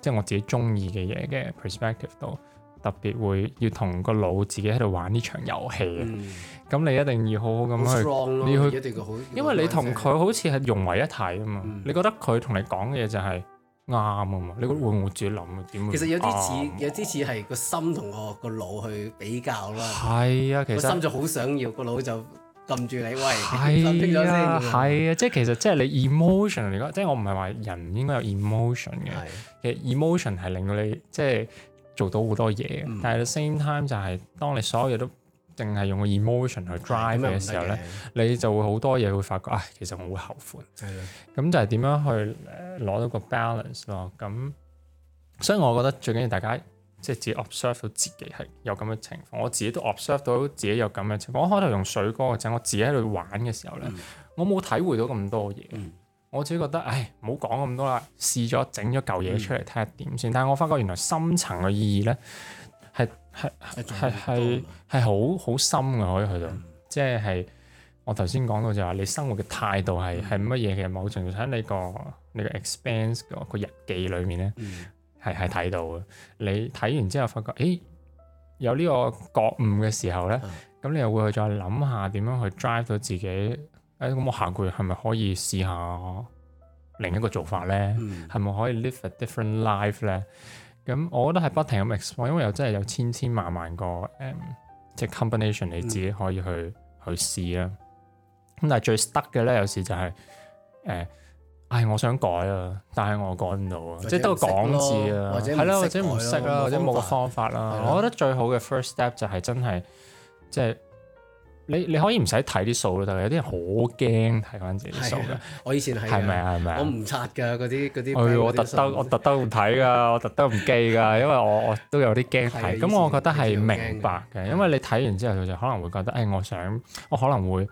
即係我自己中意嘅嘢嘅 perspective 度。特別會要同個腦自己喺度玩呢場遊戲嘅，咁你一定要好好咁去，要去，因為你同佢好似係融為一體啊嘛。你覺得佢同你講嘅嘢就係啱啊嘛？你會唔會自己諗啊？點？其實有啲似，有啲似係個心同個個腦去比較咯。係啊，其實個心就好想要，個腦就撳住你。喂，係啊，係啊，即係其實即係你 emotion 嚟㗎。即係我唔係話人應該有 emotion 嘅，其實 emotion 係令到你即係。做到好多嘢，嗯、但係喺 same time 就係當你所有嘢都淨係用個 emotion 去 drive 嘅時候咧，你就會好多嘢會發覺，啊，其實我會後悔。係的。咁就係點樣去攞到個 balance 咯？咁，所以我覺得最緊要大家即係、就是、自己 observe 到自己係有咁嘅情況。我自己都 observe 到自己有咁嘅情況。我開頭用水哥或者我自己喺度玩嘅時候咧，嗯、我冇體會到咁多嘢。嗯。我自己覺得，唉，唔好講咁多啦，試咗整咗嚿嘢出嚟睇下點先。嗯、但係我發覺原來深層嘅意義咧，係係係係係好好深嘅可以去到，嗯、即係我頭先講到就話你生活嘅態度係係乜嘢嘅，某程度喺你個你個 expense 個日記裏面咧，係係睇到嘅。你睇完之後發覺，誒，有呢個覺悟嘅時候咧，咁、嗯、你又會去再諗下點樣去 drive 到自己。誒咁我下個月係咪可以試下另一個做法咧？係咪、mm hmm. 可以 live a different life 咧？咁我覺得係不停咁 explore 因為又真係有千千萬萬個誒，即係 combination 你自己可以去去試啦。咁但係最得嘅咧，有時就係、是、誒，h, Listen, 唉，我想改啊，但係我改唔到啊，即係都係講字啊，係啦，或者唔識啊，或者冇個方法啦。我覺得最好嘅 first step 就係真係即係。你你可以唔使睇啲數咯，得係有啲人好驚睇翻自己數嘅。我以前係，係咪啊？係咪啊？我唔刷㗎，嗰啲嗰啲。我特登我特登唔睇㗎， [laughs] 我特登唔記㗎，因為我我都有啲驚睇。咁的我覺得係明白嘅，因為你睇完之後，佢就可能會覺得，誒的，我想，我可能會誒、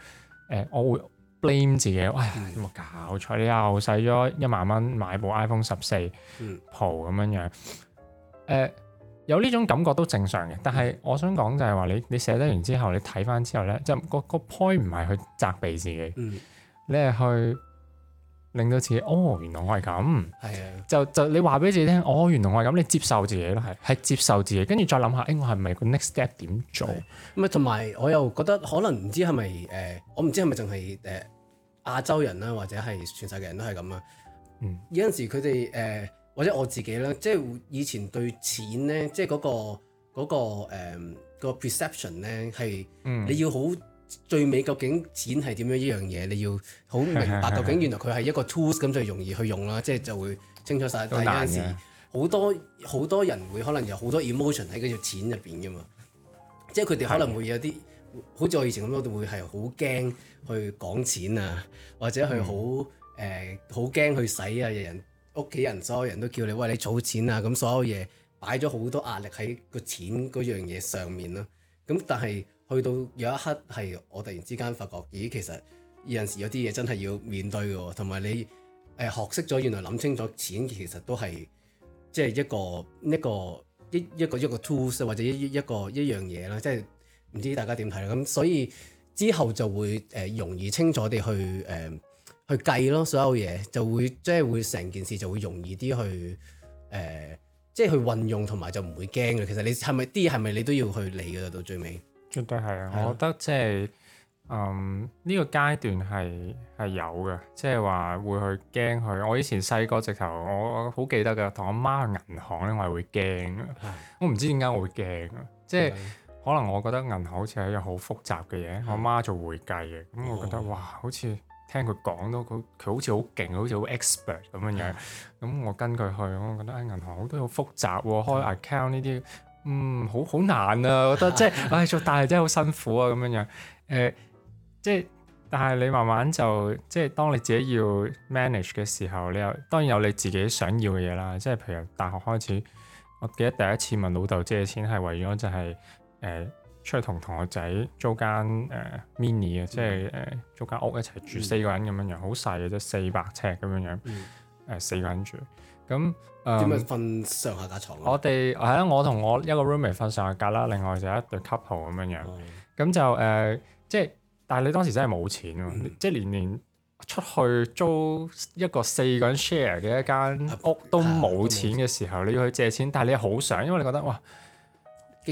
呃，我會 blame 自己，哎呀，有冇搞錯？你又使咗一萬蚊買部 iPhone 十四 Pro 咁樣，嗯、樣。呃有呢種感覺都正常嘅，但係我想講就係話你你寫得完之後，你睇翻之後咧，即係、個個 point 唔係去責備自己，嗯、你係去令到自己哦，原來我係咁，就就你話俾自己聽，哦，原來我係咁，你接受自己咯，係係接受自己，跟住再諗下，誒、欸，我係咪係個 next step 點做？咁啊，同埋我又覺得可能唔知係咪誒，我唔知係咪淨係誒亞洲人啦、啊，或者係全世界人都係咁啊？嗯，有陣時佢哋誒。呃或者我自己啦，即係以前對錢咧，即係、嗰個、嗰個誒、呃嗰個 perception 咧，係你要好，嗯、最尾究竟錢係點樣依樣嘢，嗯、你要好明白究竟原來佢係一個 tools，咁就容易去用啦，即係就會清楚晒。但係有陣時好多好多人會可能有好多 emotion 喺嗰條錢入邊嘅嘛，即係佢哋可能會有啲，的好似我以前咁樣會係好驚去講錢啊，或者係好誒好驚去使啊，嗯呃、人。屋企人所有人都叫你喂你儲錢啊，咁所有嘢擺咗好多壓力喺個錢嗰樣嘢上面咯。咁但係去到有一刻係我突然之間發覺，咦、呃，其實有陣時有啲嘢真係要面對喎。同埋你誒、呃、學識咗原來諗清楚錢其實都係即係一個一個一一個一個 tools 或者一一個一個一個一個一樣嘢啦。即係唔知大家點睇啦。咁所以之後就會誒、呃、容易清楚地去誒。呃去計咯，所有嘢就會即係會成件事就會容易啲去誒、呃，即係去運用同埋就唔會驚嘅。其實你係咪啲係咪你都要去理㗎到最尾？絕對係啊！我覺得即係嗯呢個階段係係有嘅，即係話會去驚佢。我以前細個直頭，我好記得㗎，同我媽去銀行咧，的我係會驚我唔知點解我會驚啊！即係的可能我覺得銀行好似係一個好複雜嘅嘢。的我媽做會計嘅，咁我覺得哇，好似～、嗯聽佢講都，佢佢好似好勁，好似好 expert 咁樣樣。咁、嗯、我跟佢去，我覺得啊、哎、銀行好多好複雜、啊，開 account 呢啲，嗯好好難啊！我 [laughs] 覺得即係唉做，大係真係好辛苦啊咁樣樣。誒、呃、即係但係你慢慢就即係當你自己要 manage 嘅時候，你有當然有你自己想要嘅嘢啦。即係譬如大學開始，我記得第一次問老豆借錢係為咗就係、是、誒。呃出去同同學仔租間誒 mini 啊、嗯，即係誒租間屋一齊住四個人咁樣樣，好細嘅啫，四百尺咁樣樣，誒、嗯、四個人住。咁誒點樣瞓上下架床、啊我？我哋係啊，我同我一個 roommate 瞓上下架啦，另外就一對 couple 咁樣樣。咁、嗯、就誒、呃，即係但係你當時真係冇錢喎，嗯、即係年年出去租一個四個人 share 嘅一間屋都冇錢嘅時候，嗯嗯嗯、你要去借錢，但係你好想，因為你覺得哇～嘩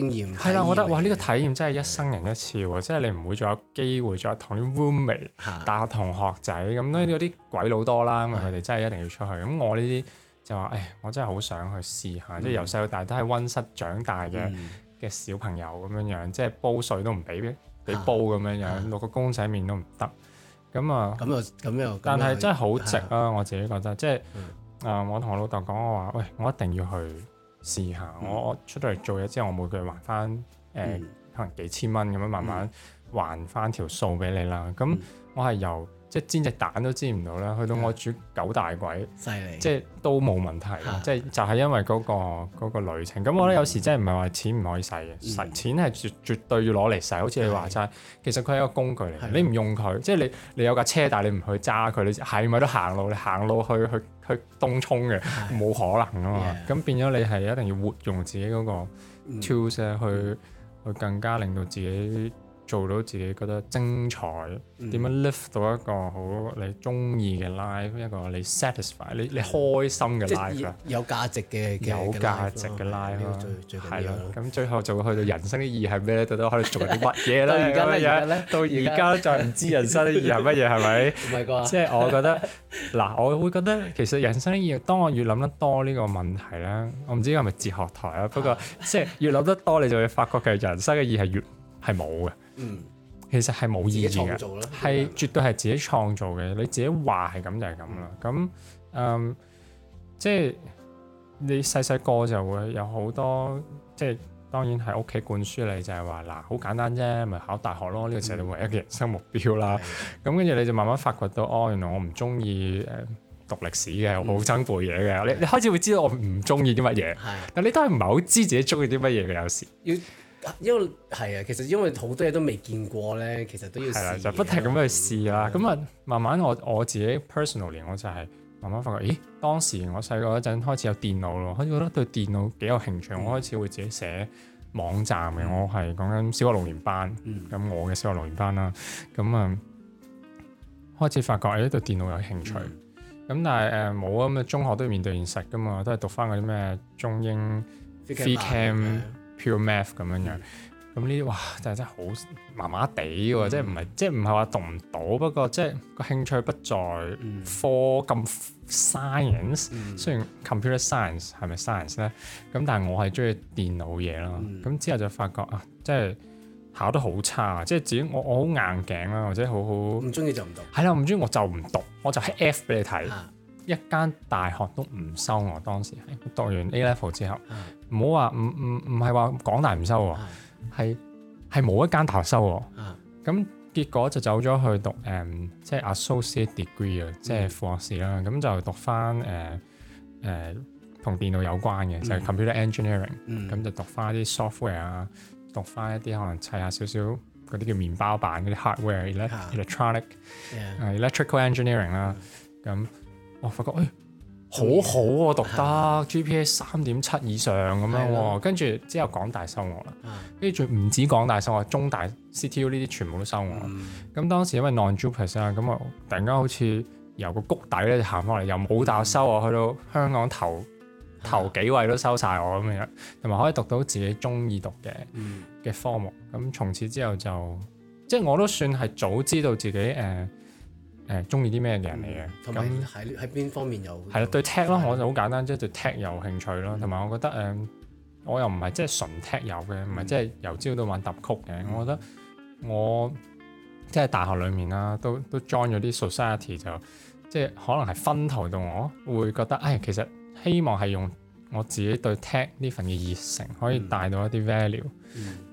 經驗，係啦，我覺得哇，呢個體驗真係一生人一次喎！即係你唔會再有機會再同啲 roommate、大學同學仔咁咧，啲鬼佬多啦，咁佢哋真係一定要出去。咁我呢啲就話：，誒，我真係好想去試下，即係由細到大都喺溫室長大嘅嘅小朋友咁樣樣，即係煲水都唔俾俾煲咁樣樣，落個公仔麵都唔得。咁啊，咁又咁又，但係真係好值啊！我自己覺得，即係啊，我同我老豆講，我話：，喂，我一定要去。試下、嗯、我出到嚟做嘢之後，我每個月還翻誒、呃嗯、可能幾千蚊咁樣，慢慢還翻條數俾你啦。咁、嗯、我係由。即係煎隻蛋都煎唔到啦，去到我煮九大簋，害即係都冇問題。即係的就係因為嗰個嗰個旅程。咁我覺得、嗯、有時真係唔係話錢唔可以使嘅，嗯、錢係絕絕對要攞嚟使。好似你話齋，的其實佢係一個工具嚟嘅的。你唔用佢，即係你你有架車，但係你唔去揸佢，你係咪都行路？你行路去去去東涌嘅，冇的可能噶嘛。咁的、嗯、變咗你係一定要活用自己嗰個 tools 去去更加令到自己。做到自己覺得精彩，點樣 lift 到一個好你中意嘅 life，一個你 satisfy 你你開心嘅 life 啊，有價值嘅，有價值嘅 life 啦，係啦，咁最後就會去到人生嘅意義係咩，到底可以做啲乜嘢咧？到而家就唔知人生嘅意義係乜嘢係咪？唔係啩？即係我覺得嗱，我會覺得其實人生嘅意義，當我越諗得多呢個問題啦，我唔知係咪哲學台啊，不過即係越諗得多，你就會發覺其實人生嘅意義係越係冇嘅。嗯，其實係冇意義嘅，係絕對係自己創造嘅。你自己話係咁就係咁啦。咁誒、嗯嗯，即係你細細個就會有好多，即係當然係屋企灌輸你就係話嗱，好簡單啫，咪考大學咯。呢、這個時候你唯一嘅人生目標啦。咁跟住你就慢慢發掘到，哦，原來我唔中意誒讀歷史嘅，好憎背嘢嘅。你你開始會知道我唔中意啲乜嘢。嗯、但你都係唔係好知自己中意啲乜嘢嘅？有時要因為係啊，其實因為好多嘢都未見過咧，其實都要係啦，就不停咁去試啦。咁啊、嗯，慢慢我我自己 personally，我就係慢慢發覺，咦，當時我細個嗰陣開始有電腦咯，開始覺得對電腦幾有興趣，嗯、我開始會自己寫網站嘅。嗯、我係講緊小學六年班，咁、嗯、我嘅小學六年班啦，咁啊開始發覺，誒、欸，對電腦有興趣。咁、嗯、但係誒，冇咁嘅中學都要面對現實噶嘛，都係讀翻嗰啲咩中英 Phy Chem。pure math 咁樣樣，咁呢啲哇但真係真係好麻麻地喎，嗯、即係唔係即係唔係話讀唔到，不過即係個興趣不在科咁、嗯、science，、嗯、雖然 computer science 係咪 science 咧？咁但係我係中意電腦嘢咯。咁、嗯、之後就發覺啊，即係考得好差，嗯、即係自己我我好硬頸啦、啊，或者好好唔中意就唔讀，係啦，唔中意我就唔讀，我就係 F 俾你睇。啊一間大學都唔收我，當時係讀完 A level 之後，唔好話唔唔唔係話港大唔收喎，係係冇一間大學收喎。咁結果就走咗去讀誒，即係 associate degree 啊，即係副學士啦。咁就讀翻誒誒同電腦有關嘅，就係 computer engineering。咁就讀翻啲 software 啊，讀翻一啲可能砌下少少嗰啲叫麵包板嗰啲 hardware，elect electronic 啊 electrical engineering 啦咁。我發覺誒、欸，好好喎、啊，讀得、嗯、GPA 三點七以上咁樣喎、啊，跟住、嗯、之後港大收我啦，跟住唔止港大收我，中大、CityU 呢啲全部都收我。咁、嗯、當時因為 non-Jupas 啊，咁啊突然間好似由個谷底咧行翻嚟，又冇大收我，去到香港頭頭幾位都收晒我咁樣，同埋可以讀到自己中意讀嘅嘅科目。咁從此之後就，即係我都算係早知道自己誒。呃誒，中意啲咩嘅人嚟嘅？咁喺喺邊方面有？係啦，對 tech 咯的，我就好簡單，即、就、係、是、對 tech 有興趣咯。同埋、嗯、我覺得誒、呃，我又唔係即係純 tech 有嘅，唔係即係由朝到晚揼曲嘅。我覺得我即係、就是、大學裡面啦，都都 join 咗啲 society 就，即、就、係、是、可能係分頭到我會覺得，唉，其實希望係用我自己對 tech 呢份嘅熱誠，可以帶到一啲 value，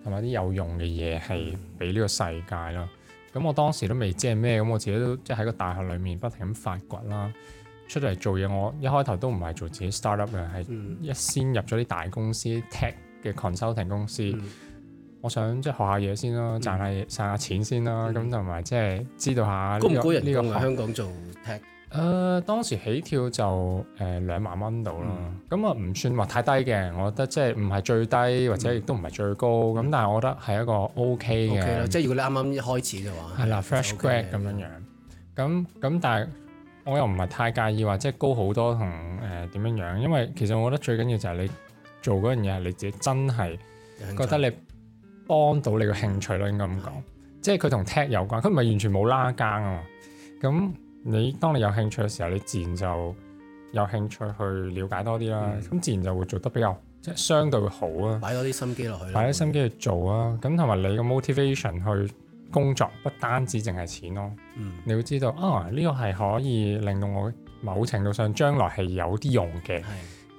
同埋啲有用嘅嘢係俾呢個世界咯。咁我當時都未知係咩，咁我自己都即係喺個大學裏面不停咁發掘啦。出嚟做嘢，我一開頭都唔係做自己 start up 嘅，係一先入咗啲大公司 tech 嘅、嗯、consulting 公司。嗯、我想即係學下嘢先啦，賺下、嗯、賺下錢先啦。咁同埋即係知道下、呢個、高唔高人工啊？香港做 tech。誒、呃、當時起跳就誒兩萬蚊度咯，咁啊唔算話太低嘅，我覺得即係唔係最低或者亦都唔係最高，咁、嗯、但係我覺得係一個 OK 嘅、okay。即係如果你啱啱一開始嘅話，係、嗯、啦，fresh grad 咁樣樣，咁咁、嗯、但係我又唔係太介意話即係高好多同誒點樣樣，因為其實我覺得最緊要就係你做嗰樣嘢係你自己真係覺得你幫到你個興趣咯，嗯、的應該咁講，即係佢同 tech 有關，佢唔係完全冇拉更啊嘛，咁、嗯。嗯嗯嗯。你當你有興趣嘅時候，你自然就有興趣去了解多啲啦。咁、嗯、自然就會做得比較即係、就是、相對會好啊，擺多啲心機落去，擺啲心機去做啊。咁同埋你嘅 motivation 去工作，不單止淨係錢咯。嗯，你會知道啊，呢、哦，這個係可以令到我某程度上將來係有啲用嘅。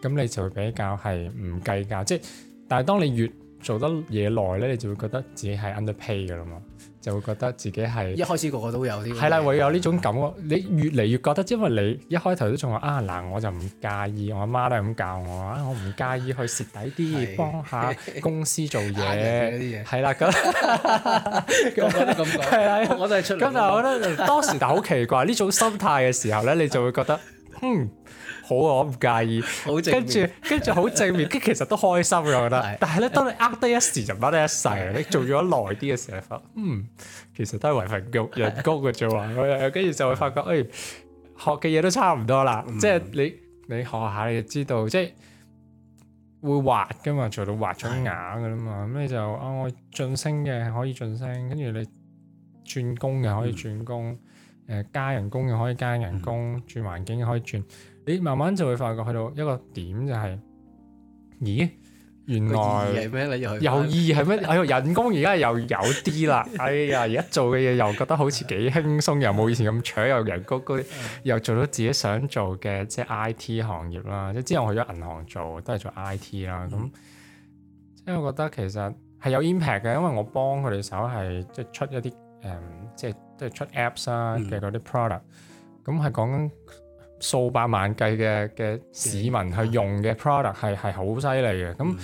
咁的你就會比較係唔計較，即、就、係、是。但係當你越做得嘢耐咧，你就會覺得自己係 underpay 嘅啦嘛，就會覺得自己係一開始個個都有啲，係啦會有呢種感覺。嗯、你越嚟越覺得，因為你一開頭都仲話啊，嗱我就唔介意，我阿媽都係咁教我啊，我唔介意去蝕底啲，的幫下公司做嘢，係啦咁。係啊， [laughs] [laughs] 說 [laughs] 我都係出嚟咁，但係我覺得當時但好奇怪呢 [laughs] 種心態嘅時候咧，你就會覺得嗯。好啊，我唔介意，跟住跟住好正面，即其實都開心嘅我覺得。但係咧，當你呃得一時就呃得一世，你做咗耐啲嘅時候，嗯，其實都係為份工人工嘅啫喎。跟住就會發覺，誒，學嘅嘢都差唔多啦。即係你你學下，你就知道，即係會滑㗎嘛，做到滑咗牙㗎啦嘛。咁你就啊，我晉升嘅可以晉升，跟住你轉工嘅可以轉工，誒加人工嘅可以加人工，轉環境嘅可以轉。你慢慢就會發覺去到一個點就係、是，咦，原來係咩你又又二係咩？哎呀，人工而家又有啲啦， [laughs] 哎呀，而家做嘅嘢，又覺得好似幾輕鬆，又冇以前咁蠢，又人工啲，又做到自己想做嘅，即係 I T 行業啦。即係之後我去咗銀行做，都係做 I T 啦。咁、嗯、即係我覺得其實係有 impact 嘅，因為我幫佢哋手係即係出一啲誒、嗯，即係即係出 apps 啊嘅嗰啲 product。咁係講緊。嗯數百萬計嘅嘅市民去用嘅 product 係係好犀利嘅，咁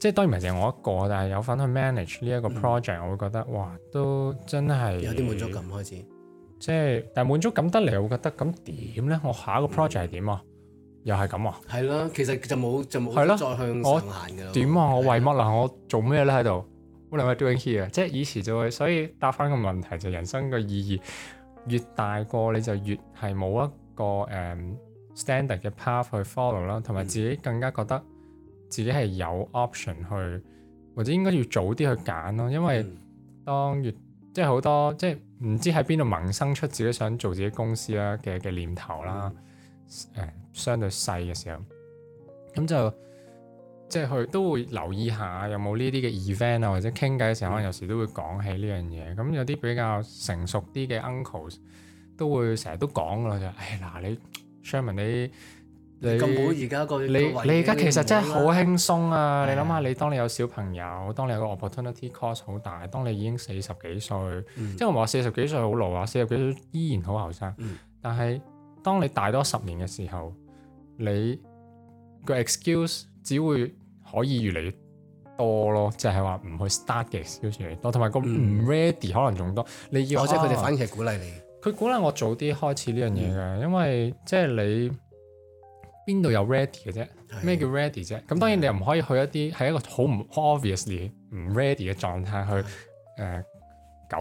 即係當然唔係淨係我一個，但係有份去 manage 呢一個 project、嗯、我會覺得哇，都真係有啲滿足感開始。即係但係滿足感得嚟，我會覺得咁點咧？我下一個 project 係點啊？嗯、又係咁啊？係咯，其實就冇就冇，係咯，再向上限嘅。點啊？我為乜啊？了我做咩咧喺度？What am I doing here，即係以前就會所以答翻個問題就人生嘅意義，越大個你就越係冇一。個誒、嗯、standard 嘅 path 去 follow 啦，同埋自己更加覺得自己係有 option 去，或者應該要早啲去揀咯。因為當越即係好多即係唔知喺邊度萌生出自己想做自己公司呀嘅嘅念頭啦，誒、嗯嗯、相對細嘅時候，咁就即係去都會留意下有冇呢啲嘅 event 啊，或者傾偈嘅時候、嗯、可能有時都會講起呢樣嘢。咁有啲比較成熟啲嘅 uncles，都會成日都講㗎，就係，哎嗱，你 Sherman 你你而家你你而家其實真係好輕鬆啊！是的 你諗下，你當你有小朋友，當你有個 opportunity cost 好大，當你已經四十幾歲，嗯、即係我話四十幾歲好老啊，四十幾歲依然好後生。嗯、但係當你大多十年嘅時候，你個 excuse 只會可以越嚟越多咯，就係話唔去 start 嘅 excuse 嚟多，同埋個唔 ready、嗯、可能仲多。你要或者佢哋反而係鼓勵你。哦。佢鼓勵我早啲開始呢樣嘢嘅，因為即係你邊度有 ready 嘅啫？咩叫 ready 啫？咁當然你又唔可以去一啲係一個好唔 obviously 唔 ready 嘅狀態去誒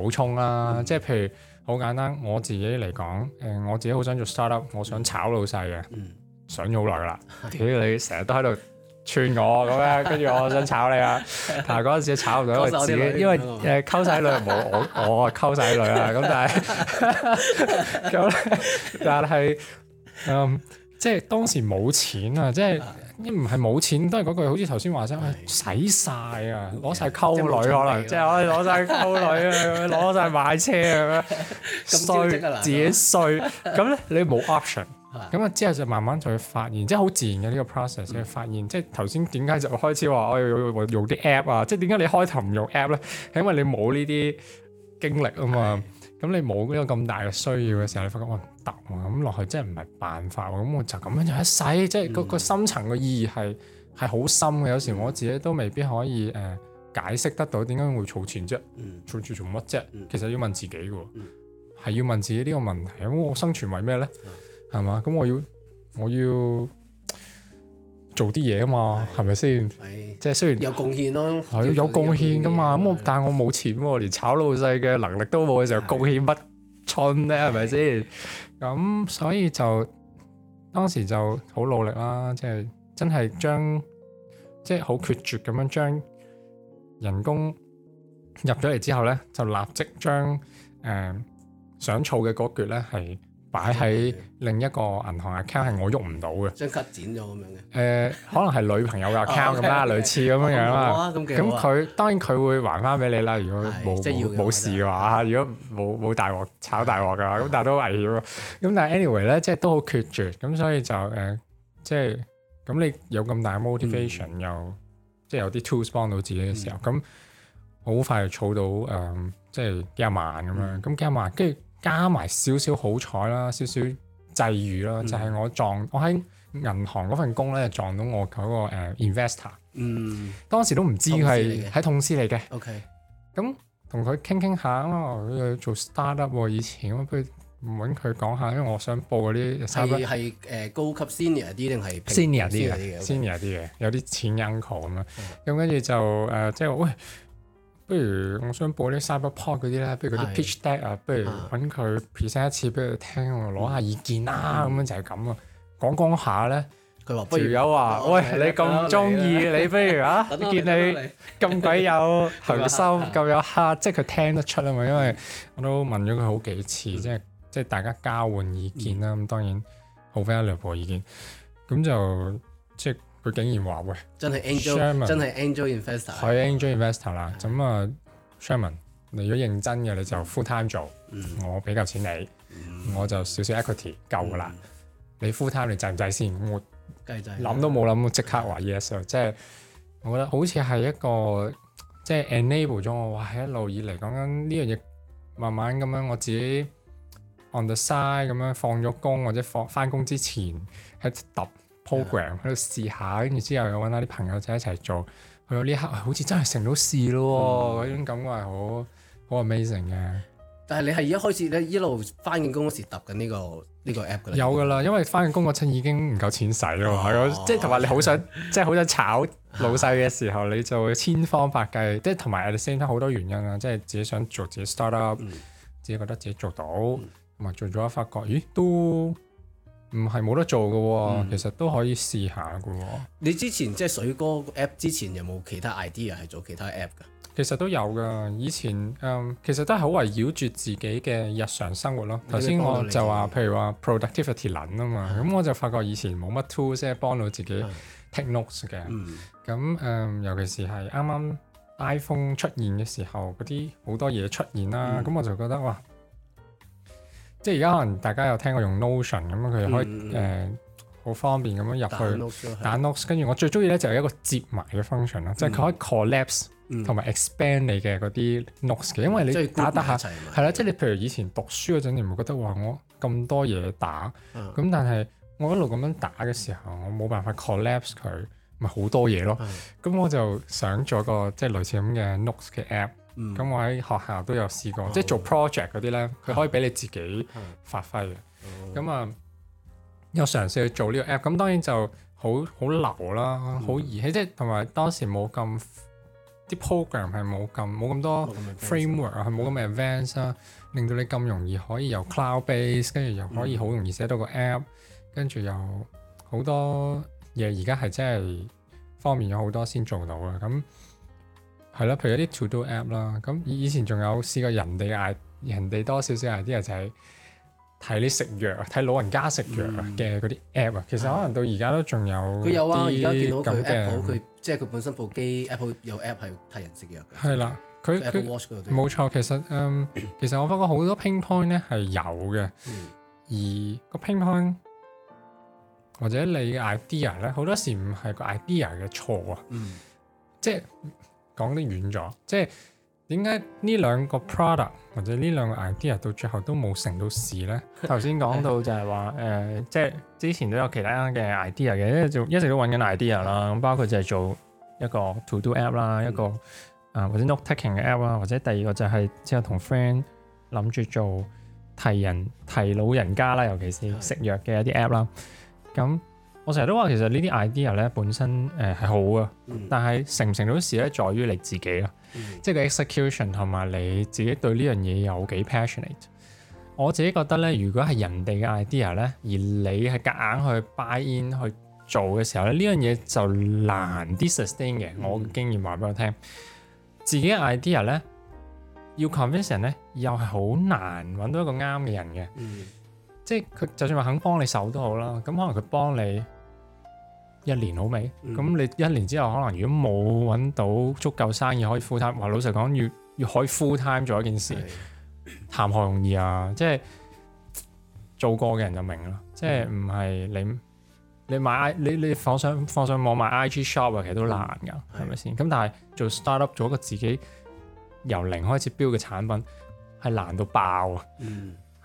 狗衝啦！即係譬如好簡單，我自己嚟講誒，我自己好想做 startup，我想炒老細嘅，想咗好耐啦。屌你，成日都喺度。串我咁樣，跟住我想炒你啊！但係嗰陣時炒唔到自己，因為誒溝曬女冇我，我溝曬女啊。咁但係，咁但係，即係當時冇錢啊！即係唔係冇錢，都係嗰句好似頭先話聲，使晒啊！攞晒溝女可能，即係攞晒溝女啊，攞晒買車咁樣衰，自己衰。咁咧，你冇 option。咁啊，之後就慢慢就去發現，即係好自然嘅呢個 process 去發現。即係頭先點解就開始話，我要用啲 app 啊，即係點解你開頭唔用 app 咧？係因為你冇呢啲經歷啊嘛。咁你冇呢個咁大嘅需要嘅時候，你發覺我唔得喎，咁落去真係唔係辦法。咁我就咁樣就一世，即係嗰個深層嘅意義係係好深嘅。有時我自己都未必可以誒解釋得到點解會儲存啫，儲住做乜啫？其實要問自己嘅，係要問自己呢個問題。咁我生存為咩咧？係嘛？咁我要我要做啲嘢啊嘛，係咪先？即係吧是雖然有貢獻咯，啊，係有是貢獻噶嘛。咁、啊、但係我冇錢喎，啊， [laughs] 連炒老細嘅能力都冇嘅時候，是貢獻乜春咧？係咪先？咁 [laughs] 所以就當時就好努力啦，即、就、係、是、真係將即係好決絕咁樣將人工入咗嚟之後咧，就立即將誒、呃、想儲嘅嗰橛咧係。擺喺另一個銀行 account 係我喐唔到嘅，將咭剪咗咁樣嘅。誒，可能係女朋友 account 咁啦，類似咁樣樣啦。咁佢當然佢會還翻俾你啦。如果冇冇事嘅話，如果冇冇大鑊炒大鑊嘅話，咁但係都危險。咁但係 anyway 咧，即係都好決絕。咁所以就誒，即係咁你有咁大嘅 motivation，又即係有啲 tools 幫到自己嘅時候，咁好快就儲到誒，即係幾廿萬咁樣。咁幾廿萬跟住。加埋少少好彩啦，少少際遇啦，嗯、就係我撞我喺銀行嗰份工咧撞到我嗰個 investor，嗯、當時都唔知佢係喺同事嚟嘅。OK，咁同佢傾傾下咯，佢做 startup 以前，咁不如唔揾佢講下，因為我想報嗰啲。係係高級 senior 啲定係？Senior 啲 senior 啲嘅，有啲錢 uncle 咁啊，咁跟住就誒、呃、即係喂。不如我想播啲 Cyberport 嗰啲咧，不如嗰啲 pitch deck 啊，不如揾佢 present 一次俾佢聽，我攞下意見啦，咁樣就係咁啊，講講下咧，佢話不如有話，喂你咁中意，你不如啊，見你咁鬼有恆心，咁有 heart，即係佢聽得出啊嘛，因為我都問咗佢好幾次，即係即係大家交換意見啦，咁當然好 valuable 意見，咁就即係。佢竟然話喂，真係 Angel，真係 Angel investor，佢 Angel investor 啦。咁啊，Sherman，你如果認真嘅，你就 full time 做。我俾夠錢你，我就少少 equity 夠噶啦。你 full time 你制唔制先？我諗都冇諗，即刻話 yes sir。即係我覺得好似係一個即係 enable 咗我喎。喺一路以嚟講緊呢樣嘢，慢慢咁樣我自己 on the side 咁樣放咗工或者放翻工之前喺揼。program 喺度試下，跟住之後又揾下啲朋友仔一齊做，去到呢刻好似真係成到事咯喎！嗰種感覺係好好 amazing 嘅。但係你係一開始咧一路翻緊工嗰時揼緊呢個呢個 app 㗎啦。有㗎啦，因為翻緊工嗰陣已經唔夠錢使咯，即係同埋你好想即係好想炒老細嘅時候，你就會千方百計，即係同埋 at the same time，好多原因啊，即係自己想做自己 startup，自己覺得自己做到，同埋做咗一發覺咦都～唔係冇得做嘅喎、哦，嗯、其實都可以試下嘅喎、哦。你之前即係、就是、水哥 app 之前有冇其他 idea 係做其他 app 嘅、嗯？其實都有㗎，以前誒其實都係好圍繞住自己嘅日常生活咯。頭先、嗯、我就話，譬如話 productivity 輪啊嘛，咁的我就發覺以前冇乜 tools 即係幫到自己 take notes 嘅。咁誒的，嗯、尤其是係啱啱 iPhone 出現嘅時候，嗰啲好多嘢出現啦，咁、嗯、我就覺得哇～即係而家可能大家有聽過用 Notion 咁樣，佢可以誒好、嗯呃、方便咁樣入去打 Notes，打 Notes，跟住我最中意咧就係、是、一個接埋嘅 function 啦，嗯、即係佢可以 collapse 同埋 expand 你嘅嗰啲 notes 嘅，因為你打得下係啦。即係你譬如以前讀書嗰陣，你唔會覺得話我咁多嘢打咁，嗯、但係我一路咁樣打嘅時候，我冇辦法 collapse 佢，咪好多嘢咯。咁的、嗯、我就想做一個即係、就是、類似咁嘅 Notes 嘅 app。咁我喺學校都有試過，嗯、即係做 project 嗰啲咧，佢、嗯、可以俾你自己發揮嘅。咁啊、嗯，又嘗試去做呢個 app，咁當然就好好流啦，好兒戲，即係同埋當時冇咁啲 program 係冇咁冇咁多 framework、嗯、啊，係冇咁嘅 advanced 啦，令到你咁容易可以由 cloud base，跟住又可以好容易寫到個 app，跟住又好多嘢而家係真係方便咗好多先做到啊！咁。係啦，譬如一啲 to do app 啦，咁以以前仲有試過人哋捱人哋多少少捱啲嘅就係睇你食藥，睇老人家食藥嘅嗰啲 app 啊。其實可能到而家都仲有佢、嗯、有啊。而家見到佢 Apple 即係佢本身部機 Apple 有 app 係替人食藥嘅係啦，佢冇錯。其實嗯，其實我發覺好多 pinpoint 咧係有嘅，嗯、而個 pinpoint 或者你嘅 idea 咧好多時唔係個 idea 嘅錯啊，嗯、即係。講得遠咗，即係點解呢兩個 product 或者呢兩個 idea 到最後都冇成到事咧？頭先講到就係話誒，即係之前都有其他嘅 idea 嘅，一直一直都揾緊 idea 啦。咁包括就係做一個 to do app 啦、嗯，一個啊、呃、或者 note taking 嘅 app 啦，或者第二個就係之後同 friend 諗住做提人提老人家啦，尤其是食藥嘅一啲 app 啦。咁我成日都話其實呢啲 idea 咧本身誒係、呃、好啊，但係成唔成到事咧，在於你自己咯，嗯、即係個 execution 同埋你自己對呢樣嘢有幾 passionate。我自己覺得咧，如果係人哋嘅 idea 咧，而你係夾硬去 buy in 去做嘅時候咧，呢樣嘢就難啲 sustain 嘅。嗯、我經驗話俾我聽，自己嘅 idea 咧要 convince 人咧，又係好難揾到一個啱嘅人嘅，嗯、即係佢就算話肯幫你手都好啦，咁可能佢幫你。一年好未？咁、嗯、你一年之後可能如果冇揾到足夠生意可以 full time，話老實講，要要可以 full time 做一件事，是的 談何容易啊！即係做過嘅人就明啦，是的 即係唔係你你買你你放上放上網買 IG shop 其實都難噶，係咪先？咁但係做 startup 做一個自己由零開始 build 嘅產品係難到爆啊！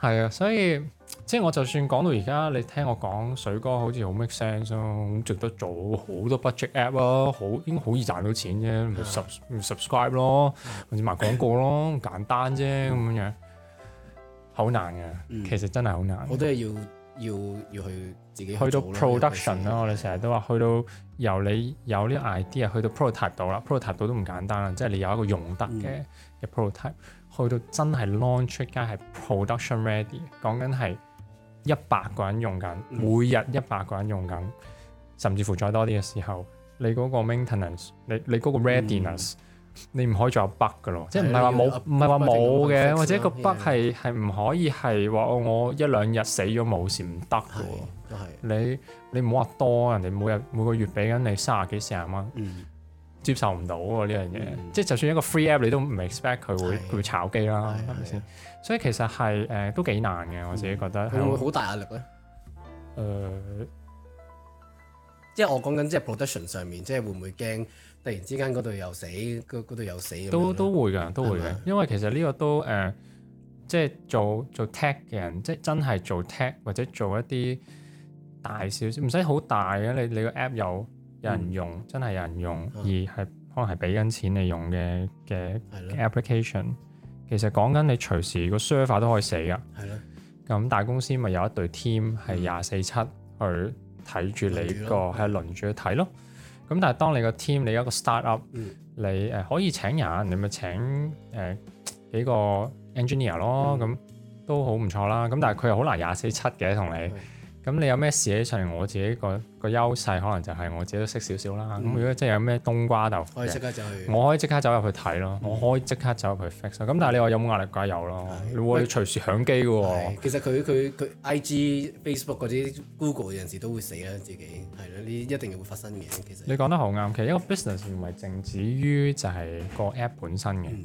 係啊、嗯，所以。即係我就算講到而家，你聽我講水哥好似好 make sense 咯，咁值得做好多 budget app 咯、啊，好應該好易賺到錢啫，subscribe 咯，或者賣廣告咯， [laughs] 簡單啫咁樣。好難嘅，嗯、其實真係好難。我都係要要要去自己去，去到 production 咯。我哋成日都話去到由你有啲 idea 去到 prototype 到啦，prototype、嗯、到都唔簡單啦，即係你有一個用得嘅嘅 prototype，、嗯、去到真係 launch 出街係 production ready，講緊係。一百個人用緊，嗯、每日一百個人用緊，甚至乎再多啲嘅時候，你嗰個 maintenance，你你嗰個 readiness，、嗯、你唔可以再有 bug 嘅咯，即係唔係話冇，唔係話冇嘅，或者個 bug 係係唔可以係話我一兩日死咗冇事唔得嘅咯。你你唔好話多，人哋每日每個月俾緊你三十幾四十蚊。嗯接受唔到喎呢樣嘢，嗯、即係就算一個 free app，你都唔 expect 佢會佢會炒機啦，係咪先？所以其實係誒都幾難嘅，我自己覺得。會唔會好大壓力咧？誒、呃，即係我講緊即係 production 上面，即係會唔會驚突然之間嗰度又死，嗰度又死？都都會㗎，都會嘅！是是因為其實呢個都誒、呃，即係做做 tech 嘅人，即係真係做 tech 或者做一啲大少少，唔使好大嘅，你你個 app 有。有人用真係有人用，而係可能係俾緊錢你用嘅嘅、嗯、application。其實講緊你隨時個 server 都可以死㗎。咁、嗯、大公司咪有一隊 team 係廿四七去睇住你個，係、嗯、輪住去睇咯。咁、嗯、但係當你個 team 你有一個 startup，嗯、你誒可以請人，你咪請誒幾個 engineer 咯。咁、嗯、都好唔錯啦。咁但係佢又好難廿四七嘅同你。咁你有咩事起上嚟？我自己個個優勢可能就係我自己都識少少啦。咁、嗯、如果真係有咩冬瓜豆腐，可我可以即刻走去，嗯、我可以即刻走入去睇咯。我可以即刻走入去 fix 咯。咁但係你話有冇壓力？梗係有咯。你會隨時響機嘅喎。其實佢佢佢 IG、Facebook 嗰啲 Google 有陣時都會死啦，自己係啦，呢一定會發生嘅。其實你講得好啱，其實一個 business 唔係淨止於就係個 app 本身嘅。嗯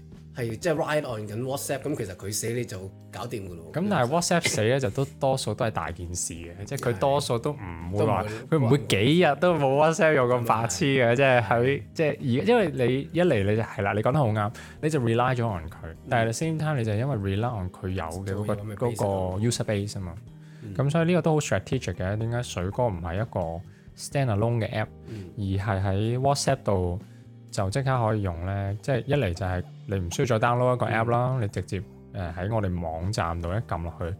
係即係 ride on 緊 WhatsApp，咁其實佢死你就搞掂噶咯。咁但係 WhatsApp [laughs] 死咧就都多數都係大件事嘅， [laughs] 即係佢多數都唔會話，佢唔會，會幾日都冇 WhatsApp 用咁白痴嘅，即係喺即係而因為你一嚟你就係啦，你講得好啱，你就 rely 咗 on 佢，的但係 same time 你就因為 rely on 佢有嘅嗰、那個、的個 user base 啊嘛，咁、嗯、所以呢個都好 strategic 嘅。點解水哥唔係一個 standalone 嘅 app，而係喺 WhatsApp 度？就即刻可以用咧，即係一嚟就係你唔需要再 download 一個 app 啦，你直接誒喺我哋網站度一撳落去，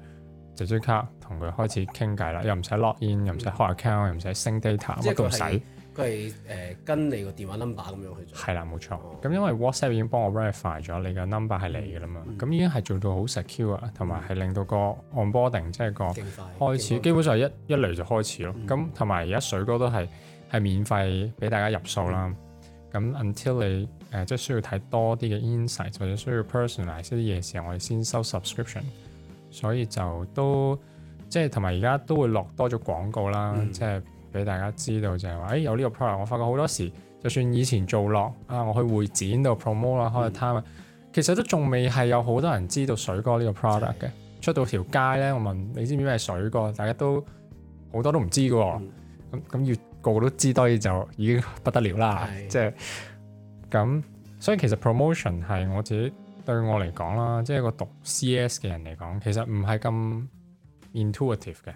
就即刻同佢開始傾偈啦，又唔使 log in，又唔使開 account，又唔使 send data，乜都唔使。佢係誒跟你個電話 number 咁樣去做，係啦，冇錯。咁因為 WhatsApp 已經幫我 verify 咗你嘅 number 係你噶啦嘛，咁已經係做到好 secure 啊，同埋係令到個 onboarding 即係個開始，基本上一一嚟就開始咯。咁同埋而家水哥都係係免費俾大家入數啦。咁 until 你誒即係需要睇多啲嘅 insight，或者需要 personalize 啲嘢時候，我哋先收 subscription。所以就都即係同埋而家都會落多咗廣告啦，即係俾大家知道就係話，誒、哎、有呢個 product。我發覺好多時，就算以前做落啊，我去會展度 promote 啦，開 time 啊，其實都仲未係有好多人知道水哥呢個 product 嘅。嗯、出到條街咧，我問你知唔知咩水哥？大家都好多都唔知嘅喎、哦。咁咁、嗯、要。個個都知，多啲就已經不得了啦。是的 即係咁，所以其實 promotion 係我自己對我嚟講啦，即係個讀 CS 嘅人嚟講，其實唔係咁 intuitive 嘅，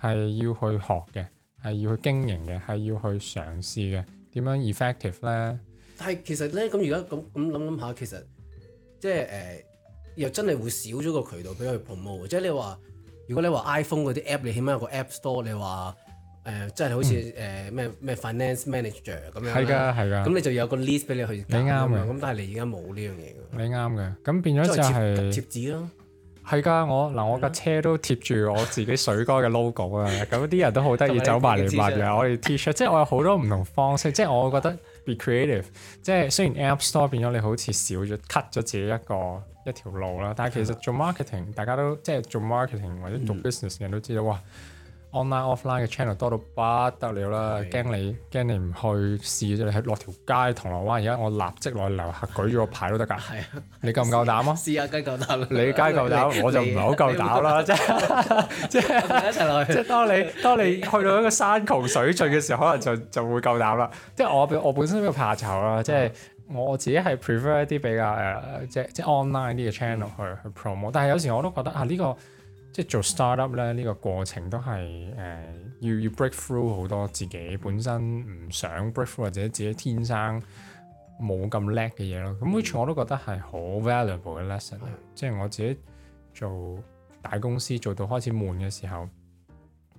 係、嗯、要去學嘅，係要去經營嘅，係要去嘗試嘅，點樣 effective 咧？但係其實咧，咁而家咁咁諗諗下，其實即係誒、呃，又真係會少咗個渠道俾佢 promote。即係你話，如果你話 iPhone 嗰啲 app，你起碼有個 App Store，你話。誒、呃，即係好似誒咩咩 finance manager 咁樣，係㗎，係㗎。咁你就有個 list 俾你去，你啱嘅。咁但係你而家冇呢樣嘢你啱嘅。咁變咗就係貼紙咯。係㗎，我嗱我架車都貼住我自己水哥嘅 logo 啊。咁啲 [laughs] 人都好得意走埋嚟問嘅。Shirt, [laughs] 我哋 T-shirt 即係我有好多唔同方式。 [laughs] 即係我覺得 be creative。即係雖然 App Store 變咗你好似少咗 cut 咗自己一個一條路啦。但係其實做 marketing，大家都即係做 marketing 或者做 business 嘅人都知道哇。online offline 嘅 channel 多到不得了啦，驚你驚你唔去試啫，你喺落條街銅鑼灣，而家我立即落去樓下舉咗個牌都得㗎。係你夠唔夠膽啊？試下雞夠膽，你雞夠膽，我就唔係好夠膽啦。即係即係一齊落去。即係當你當你去到一個山窮水盡嘅時候，可能就就會夠膽啦。即係我我本身比較怕醜啦，即係我自己係 prefer 一啲比較誒即即 online 啲嘅 channel 去去 promo，但係有時我都覺得啊呢個。即係做 start up 咧，呢、呢個過程都係誒要要 break through 好多自己本身唔想 break through 或者自己天生冇咁叻嘅嘢咯。咁、mm hmm. 每次我都覺得係好 valuable 嘅 lesson、mm。Hmm. 即係我自己做大公司做到開始悶嘅時候，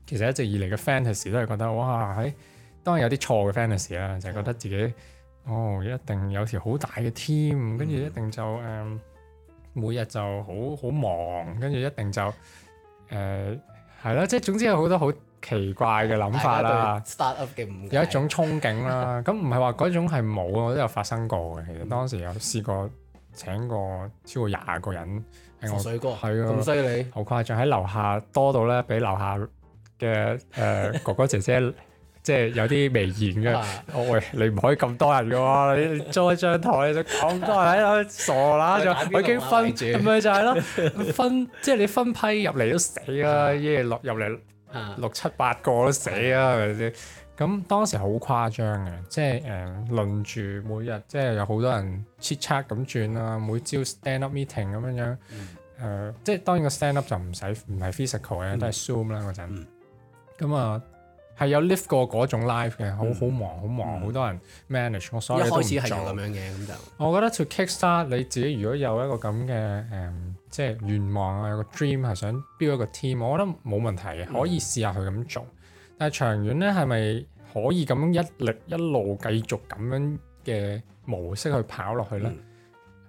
其實一直以嚟嘅 fantasy 都係覺得哇喺、哎，當然有啲錯嘅 fantasy 啦，就係、覺得自己哦一定有條好大嘅 team，跟住一定就誒每日就好好忙，跟住一定就。嗯 mm hmm. 誒係啦，即係、嗯、總之有好多好奇怪嘅諗法啦，對 start up 嘅有一種憧憬啦。咁唔係話嗰種係冇，我都有發生過嘅。其實當時有試過請過超過廿個人，係我水哥，係啊的，咁犀利，好誇張。喺樓下多到咧，俾樓下嘅誒、呃、哥哥姐姐。 [laughs] 即係有啲微言嘅，我喂你唔可以咁多人嘅喎，你再上台你就咁多人喺度，傻啦，就已經分咁咪就係咯，分即係你分批入嚟都死啊，一日落入嚟六七八個都死啊，係咪先？咁當時好誇張嘅，即係誒輪住每日即係有好多人 chat chat 咁轉啦，每朝 stand up meeting 咁樣樣，誒即係當然個 stand up 就唔使唔係 physical 嘅，都係 zoom 啦嗰陣，咁啊。係有 live 過嗰種 life 嘅，好好、嗯、忙，好忙，好、嗯、多人 manage，我所以一開始係咁樣嘅，咁就。我覺得 to kick start 你自己，如果有一個咁嘅誒，即係願望啊，有個 dream 係想 build 一個 team，我覺得冇問題嘅，可以試下去咁做。嗯、但係長遠咧，係咪可以咁樣一力一路繼續咁樣嘅模式去跑落去咧？嗯、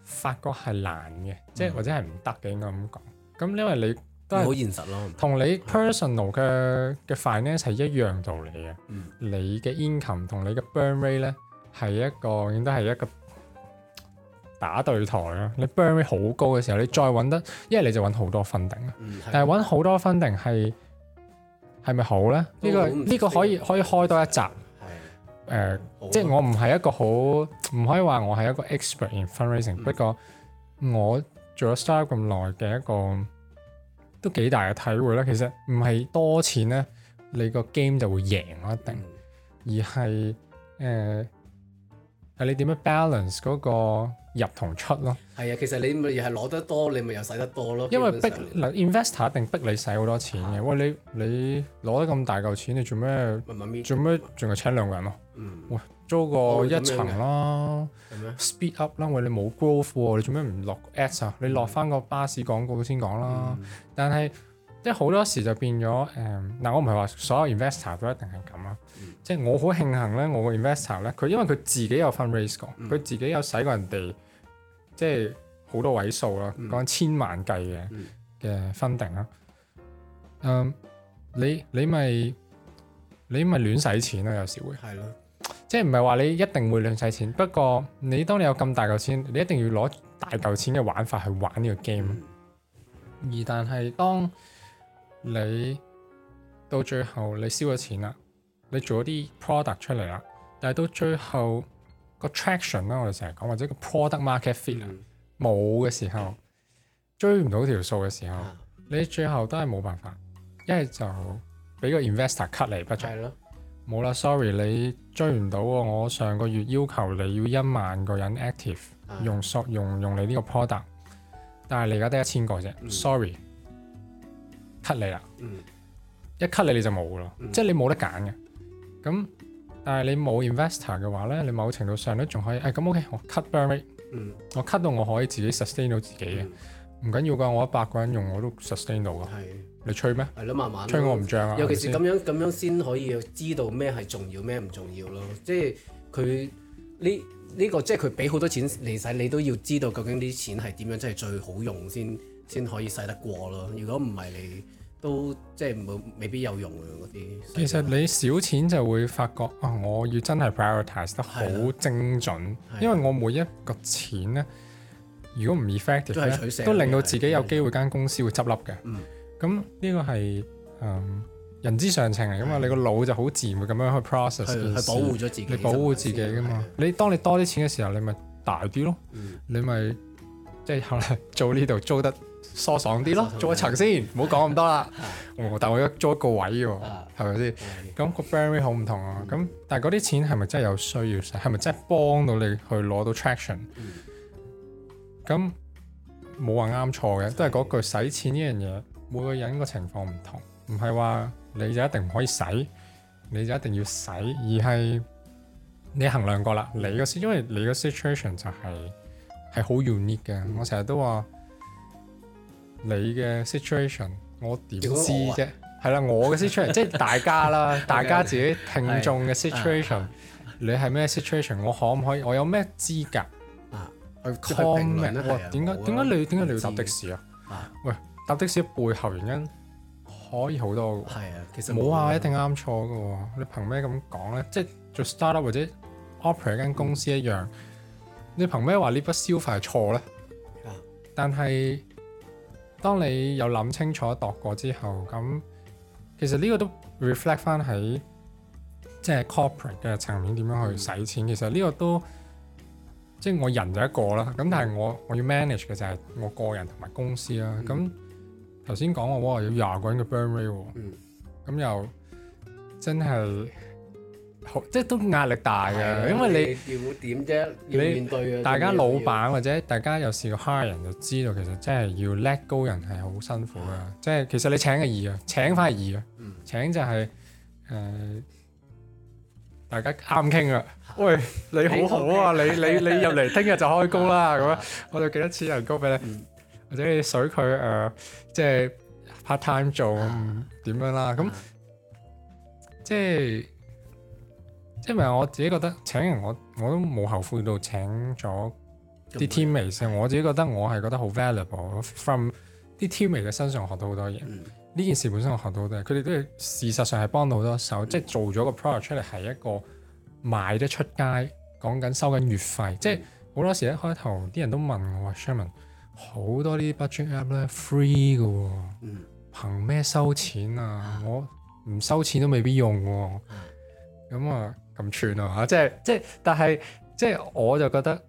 發覺係難嘅，即係、嗯、或者係唔得嘅，應該咁講。咁因為你。都係好現實咯，同你 personal 嘅嘅 finance 係一樣道理嘅。嗯、你嘅 income 同你嘅 burn rate 咧係一個，應該係一個打對台咯。你 burn rate 好高嘅時候，你再揾得一係你就揾、嗯、好多 funding 啦。但係揾好多 funding 係係咪好咧？呢、呢個呢、呢個可以可以開多一集。係誒，即係我唔係一個好唔可以話我係一個 expert in fundraising、嗯。不過我做咗 style 咁耐嘅一個。都幾大嘅體會啦，其實唔係多錢咧，你個 game 就會贏一定，而係誒係你點樣 balance 嗰個入同出咯。係啊，其實你咪又係攞得多，你咪又使得多咯。因為逼嗱 investor 一定逼你使好多錢嘅，啊、喂，你你攞得咁大嚿錢，你做咩？做咩仲要請兩個人咯、啊？嗯，喂。租個一層咯嗎，speed up 啦餵！你冇 growth 喎，你做咩唔落 ads 啊？你落翻個巴士廣告先講啦。嗯、但係即係好多時就變咗誒，嗱、嗯、我唔係話所有 investor 都一定係咁啊，嗯、即係我好慶幸咧，我個 investor 咧，佢因為佢自己有 fundraise 過，佢、嗯、自己有使過人哋，即係好多位數啦，講、嗯、千萬計嘅嘅、嗯、funding 啦。嗯，你你咪你咪亂使錢啦、啊，有時會。係咯。即係唔係話你一定會亂使錢，不過你當你有咁大嚿錢，你一定要攞大嚿錢嘅玩法去玩呢個 game。嗯、而但係當你到最後你燒咗錢啦，你做咗啲 product 出嚟啦，但係到最後個 traction 啦，我哋成日講，或者個 product market fit 啊、嗯，冇嘅時候追唔到條數嘅時候，你最後都係冇辦法。一係就俾個 investor cut 你不足。冇啦，sorry，你追唔到，我上個月要求你要一萬個人 active，用索用用你呢個 product，但係你1，而家得一千個啫。sorry，cut 你啦。一 cut 你你就冇咯，嗯、即係你冇得揀嘅。咁，但係你冇 investor 嘅話咧，你某程度上都仲可以。誒、哎、咁 OK，我 cut burn rate，嗯、我 cut 到我可以自己 sustain 到自己嘅，唔緊要㗎。我一百個人用我都 sustain 到㗎。嗯你吹咩？係咯，慢 [noise] 慢吹我唔脹啊！尤其是咁樣咁 [noise] 樣先可以知道咩係重要，咩唔重要咯。即係佢呢呢個即係佢俾好多錢嚟使，你都要知道究竟啲錢係點樣，即係最好用先先可以使得過咯。如果唔係，都即係冇未必有用嗰啲。其實你少錢就會發覺啊、哦，我要真係 prioritize 得好精準，的因為我每一個錢咧，如果唔 effective 咧的，都令到自己有機會間公司會執笠嘅。咁呢個係嗯人之常情嚟噶嘛，你個腦就好自然會咁樣去 process，係保護咗自己，你保護自己噶嘛。你當你多啲錢嘅時候，你咪大啲咯。你咪即係後來呢度租得疏爽啲咯，做一層先，唔好講咁多啦。但係我而家租一個位喎，係咪先？咁個 boundary 好唔同啊。咁但係嗰啲錢係咪真係有需要使？係咪真係幫到你去攞到 traction？咁冇話啱錯嘅，都係嗰句使錢呢樣嘢。每個人個情況唔同，唔係話你就一定唔可以使，你就一定要使，而係你衡量過啦。你個，因為你個 situation 就係係好 unique 嘅。我成日都話你嘅 situation，我點知啫？係啦，我嘅 situation 即係大家啦， [laughs] okay, 大家自己聽眾嘅 situation，uh, 你係咩 situation？我可唔可以？我有咩資格去 uh, comment？點解，點解你點解你要搭的士啊喂？喂。搭的士背後原因可以好多係啊，其實冇話一定啱錯嘅喎，嗯、你憑咩咁講咧？即係做 startup 或者 operate 間公司一樣，嗯、你憑咩話呢筆消費係錯咧？啊、但係當你有諗清楚、度過之後，咁其實呢個都 reflect 翻喺即係 corporate 嘅層面點樣去使錢。其實呢個都，就是嗯、個都即係我人就一個啦，咁但係我我要 manage 嘅就係我個人同埋公司啦，咁。嗯嗯頭先講話喎，有廿個人嘅 burn rate 喎，咁又真係好，即係都壓力大嘅，因為你要點啫？要面對嘅。大家老闆或者大家有試過 hire 人就知道，其實真係要 let go 人係好辛苦嘅。即係其實你請嘅二啊，請翻係二啊，請就係誒大家啱傾啊！喂，你好好啊，你你你入嚟，聽日就開工啦咁啊！我哋幾多錢人工俾你？或者你水佢誒，即係 part time 做點樣啦？咁即係，因為我自己覺得請人我，我我都冇後悔到請咗啲 teammate 先、嗯。我自己覺得我係覺得好 valuable，from 啲 teammate 嘅身上學到好多嘢。呢件事本身我學到好多嘢，佢哋、嗯、都事實上係幫到好多手。嗯、即係做咗個 product 出嚟係一個賣得出街，講緊收緊月費。即係好多時一開頭啲人都問我話 Sherman。好多呢啲 budget app 咧 free 嘅喎、哦，憑咩、嗯、收錢啊？我唔收錢都未必用喎、哦，咁啊咁串啊嚇！即係即係，但係即係我就覺得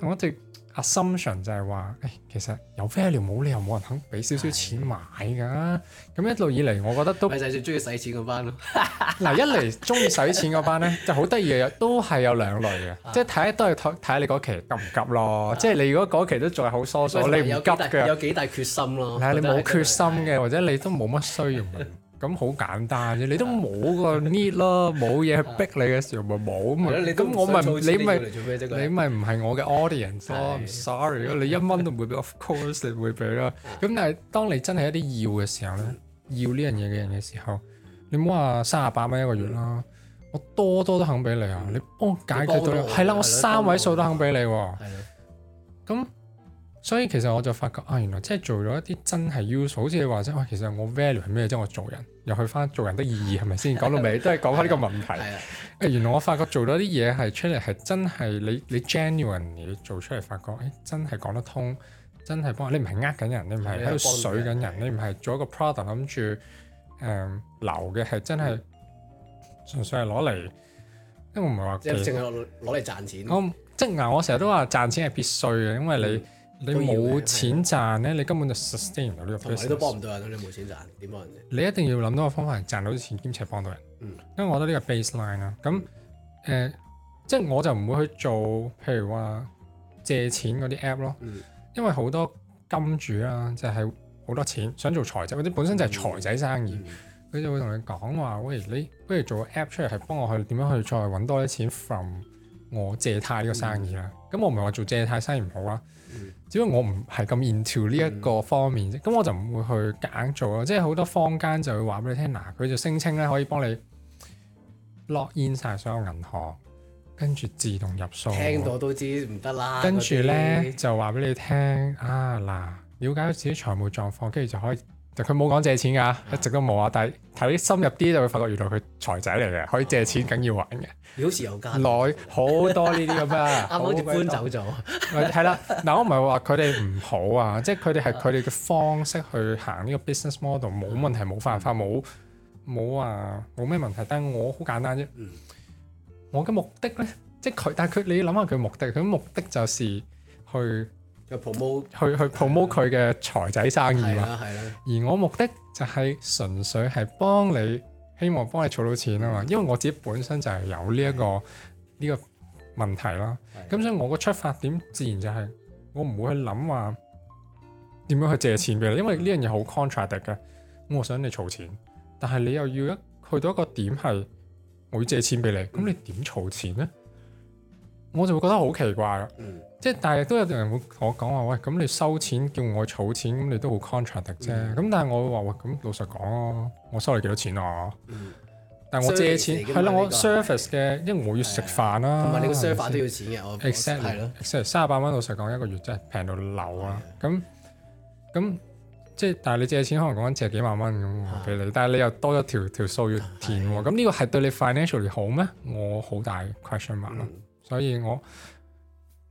我一直。個 assumption 就係話，誒、哎、其實有 value 冇理由冇人肯俾少少錢買㗎。咁的一路以嚟，我覺得都係最中意使錢嗰班咯。嗱， [laughs] 一嚟中意使錢嗰班咧，就好得意嘅，都係有兩類嘅，啊、即係睇都係睇睇你嗰期急唔急咯。啊、即係你如果嗰期都再好疏疏，你唔急嘅，有幾大決心咯？係你冇決心嘅，或者，或者你都冇乜需要。 [laughs] 咁好簡單啫，你都冇個 need 咯，冇嘢 [laughs] 逼你嘅時候咪冇嘛。咁 [laughs] 了我咪你咪你咪唔係我嘅 audience，sorry， [laughs] 啊、你一蚊都唔會俾，of course [laughs] 你會俾啦。咁但係當你真係一啲要嘅時候咧， [laughs] 要呢樣嘢嘅人嘅時候，你唔好話三十八蚊一個月啦，我多多都肯俾你啊！你幫我解決到，係啦，我三位數都肯俾你喎。咁 [laughs] 了所以其實我就發覺啊，原來即係做咗一啲真係 useful，好似你話啫。喂，其實我 value 係咩啫？我做人又去翻做人的意義係咪先？講 [laughs] 到尾都係講翻呢個問題。 [laughs] 啊、原來我發覺做咗啲嘢係出嚟係真係你你 genuine 嘢做出嚟，發覺誒、欸、真係講得通，真係幫你唔係呃緊人，你唔係喺度水緊人，你唔係做一個 product 諗住誒流嘅，係、嗯、真係純粹係攞嚟，因為唔係話即係淨係攞嚟賺錢。我即係我成日都話賺錢係必須嘅，因為你。嗯你冇錢賺咧，你根本就 sustain 唔到呢個 business。同埋都幫唔到人，你冇錢賺點幫人？你一定要諗到個方法嚟賺到啲錢，兼且幫到人。嗯，因為我覺得呢個 baseline 啊，咁、呃、誒即係我就唔會去做，譬如話借錢嗰啲 app 咯、嗯，因為好多金主啊，即係好多錢想做財仔，或者本身就係財仔生意，佢、嗯嗯、就會同你講話：喂，你不如做個 app 出嚟係幫我去點樣去再揾多啲錢 from 我借貸呢個生意啦、啊。咁、嗯、我唔係話做借貸生意唔好啊。嗯、只不過我唔係咁 into 呢一個方面啫，咁我就唔會去硬做啦。即係好多坊間就會話俾你聽，嗱，佢就聲稱咧可以幫你 lock in 曬所有銀行，跟住自動入數。聽到都知唔得啦。跟住咧就話俾你聽啊，嗱，了解到自己財務狀況，跟住就可以。佢冇講借錢㗎，一直都冇啊。但係睇深入啲就會發覺，原來佢財仔嚟嘅，可以借錢梗要玩嘅。表裏有奸，內 [laughs] 剛好多呢啲咁啊！啱好就搬走咗。係啦， [laughs] 嗱，我唔係話佢哋唔好啊， [laughs] 即係佢哋係佢哋嘅方式去行呢個 business model，冇問題，冇辦法，冇冇啊，冇咩問題。但係我好簡單啫，嗯、我嘅目的咧，即係佢，但係佢你諗下佢目的，佢目的就是去。去去 promote 佢嘅財仔的生意嘛，而我目的就係純粹係幫你，希望幫你儲到錢啦嘛。嗯、因為我自己本身就係有呢、這、一個呢、嗯、個問題啦，咁、嗯、所以我個出發點自然就係我唔會去諗話點樣去借錢俾你，因為呢樣嘢好 contradict 嘅。咁我想你儲錢，但係你又要一去到一個點係我要借錢俾你，咁你點儲錢呢？我就會覺得好奇怪咯，即係但係都有啲人會同我講話，喂，咁你收錢叫我儲錢，咁你都好 contract 啫。咁但係我話，喂，咁老實講啊，我收你幾多錢啊？但係我借錢係啦，我 service 嘅，因為我要食飯啦。同埋你個 service 都要錢嘅，我係咯，三十八蚊老實講一個月真係平到流啊！咁咁即係，但係你借錢可能講緊借幾萬蚊咁俾你，但係你又多一條條數要填喎。咁呢個係對你 financially 好咩？我好大 question mark 咯。所以我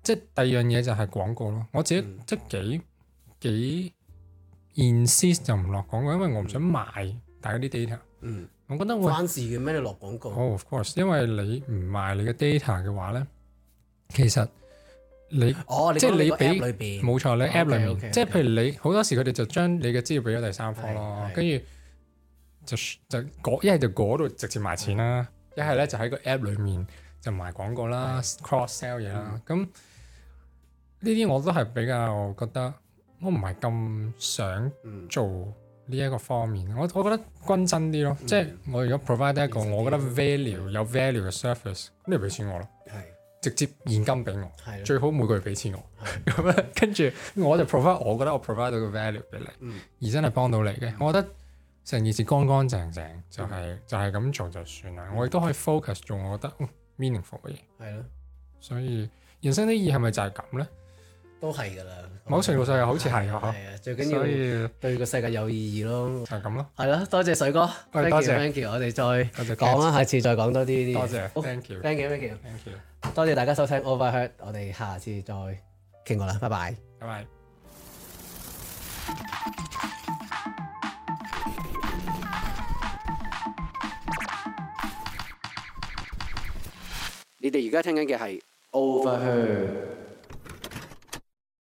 即係第二樣嘢就係廣告咯。我自己，即係幾幾 insist 就唔落廣告，因為我唔想賣大家啲 data。嗯，我覺得關事嘅咩你落廣告？哦，of course，因為你唔賣你嘅 data 嘅話咧，其實你哦，即係你俾裏邊冇錯你 app 裏面，即係譬如你好多時佢哋就將你嘅資料俾咗第三方咯，跟住就就一係就嗰度直接賣錢啦，一係咧就喺個 app 裏面。就賣廣告啦，cross sell 嘢啦，咁呢啲我都係比較覺得我唔係咁想做呢一個方面。我我覺得均真啲咯，即係我如果 provide 一個我覺得 value 有 value 嘅 service，你俾錢我咯，係直接現金俾我，係最好每個月俾錢我，咁樣跟住我就 provide，我覺得我 provide 到個 value 俾你，而真係幫到你嘅，我覺得成件事乾乾淨淨就係就係咁做就算啦。我亦都可以 focus 做，我覺得。meaningful 嘅嘢，係咯，所以人生啲意義係咪就係咁咧？都係噶啦，某程度上又好似係啊，係啊，最緊要可以對個世界有意義咯，就係咁咯，係咯，多謝水哥，多謝，thank you，我哋再講啦，下次再講多啲啲，多謝，thank you，thank you，thank you，多謝大家收聽 Overheard，我哋下次再傾過啦，拜拜，拜拜。你哋而家聽緊嘅係 Over Her。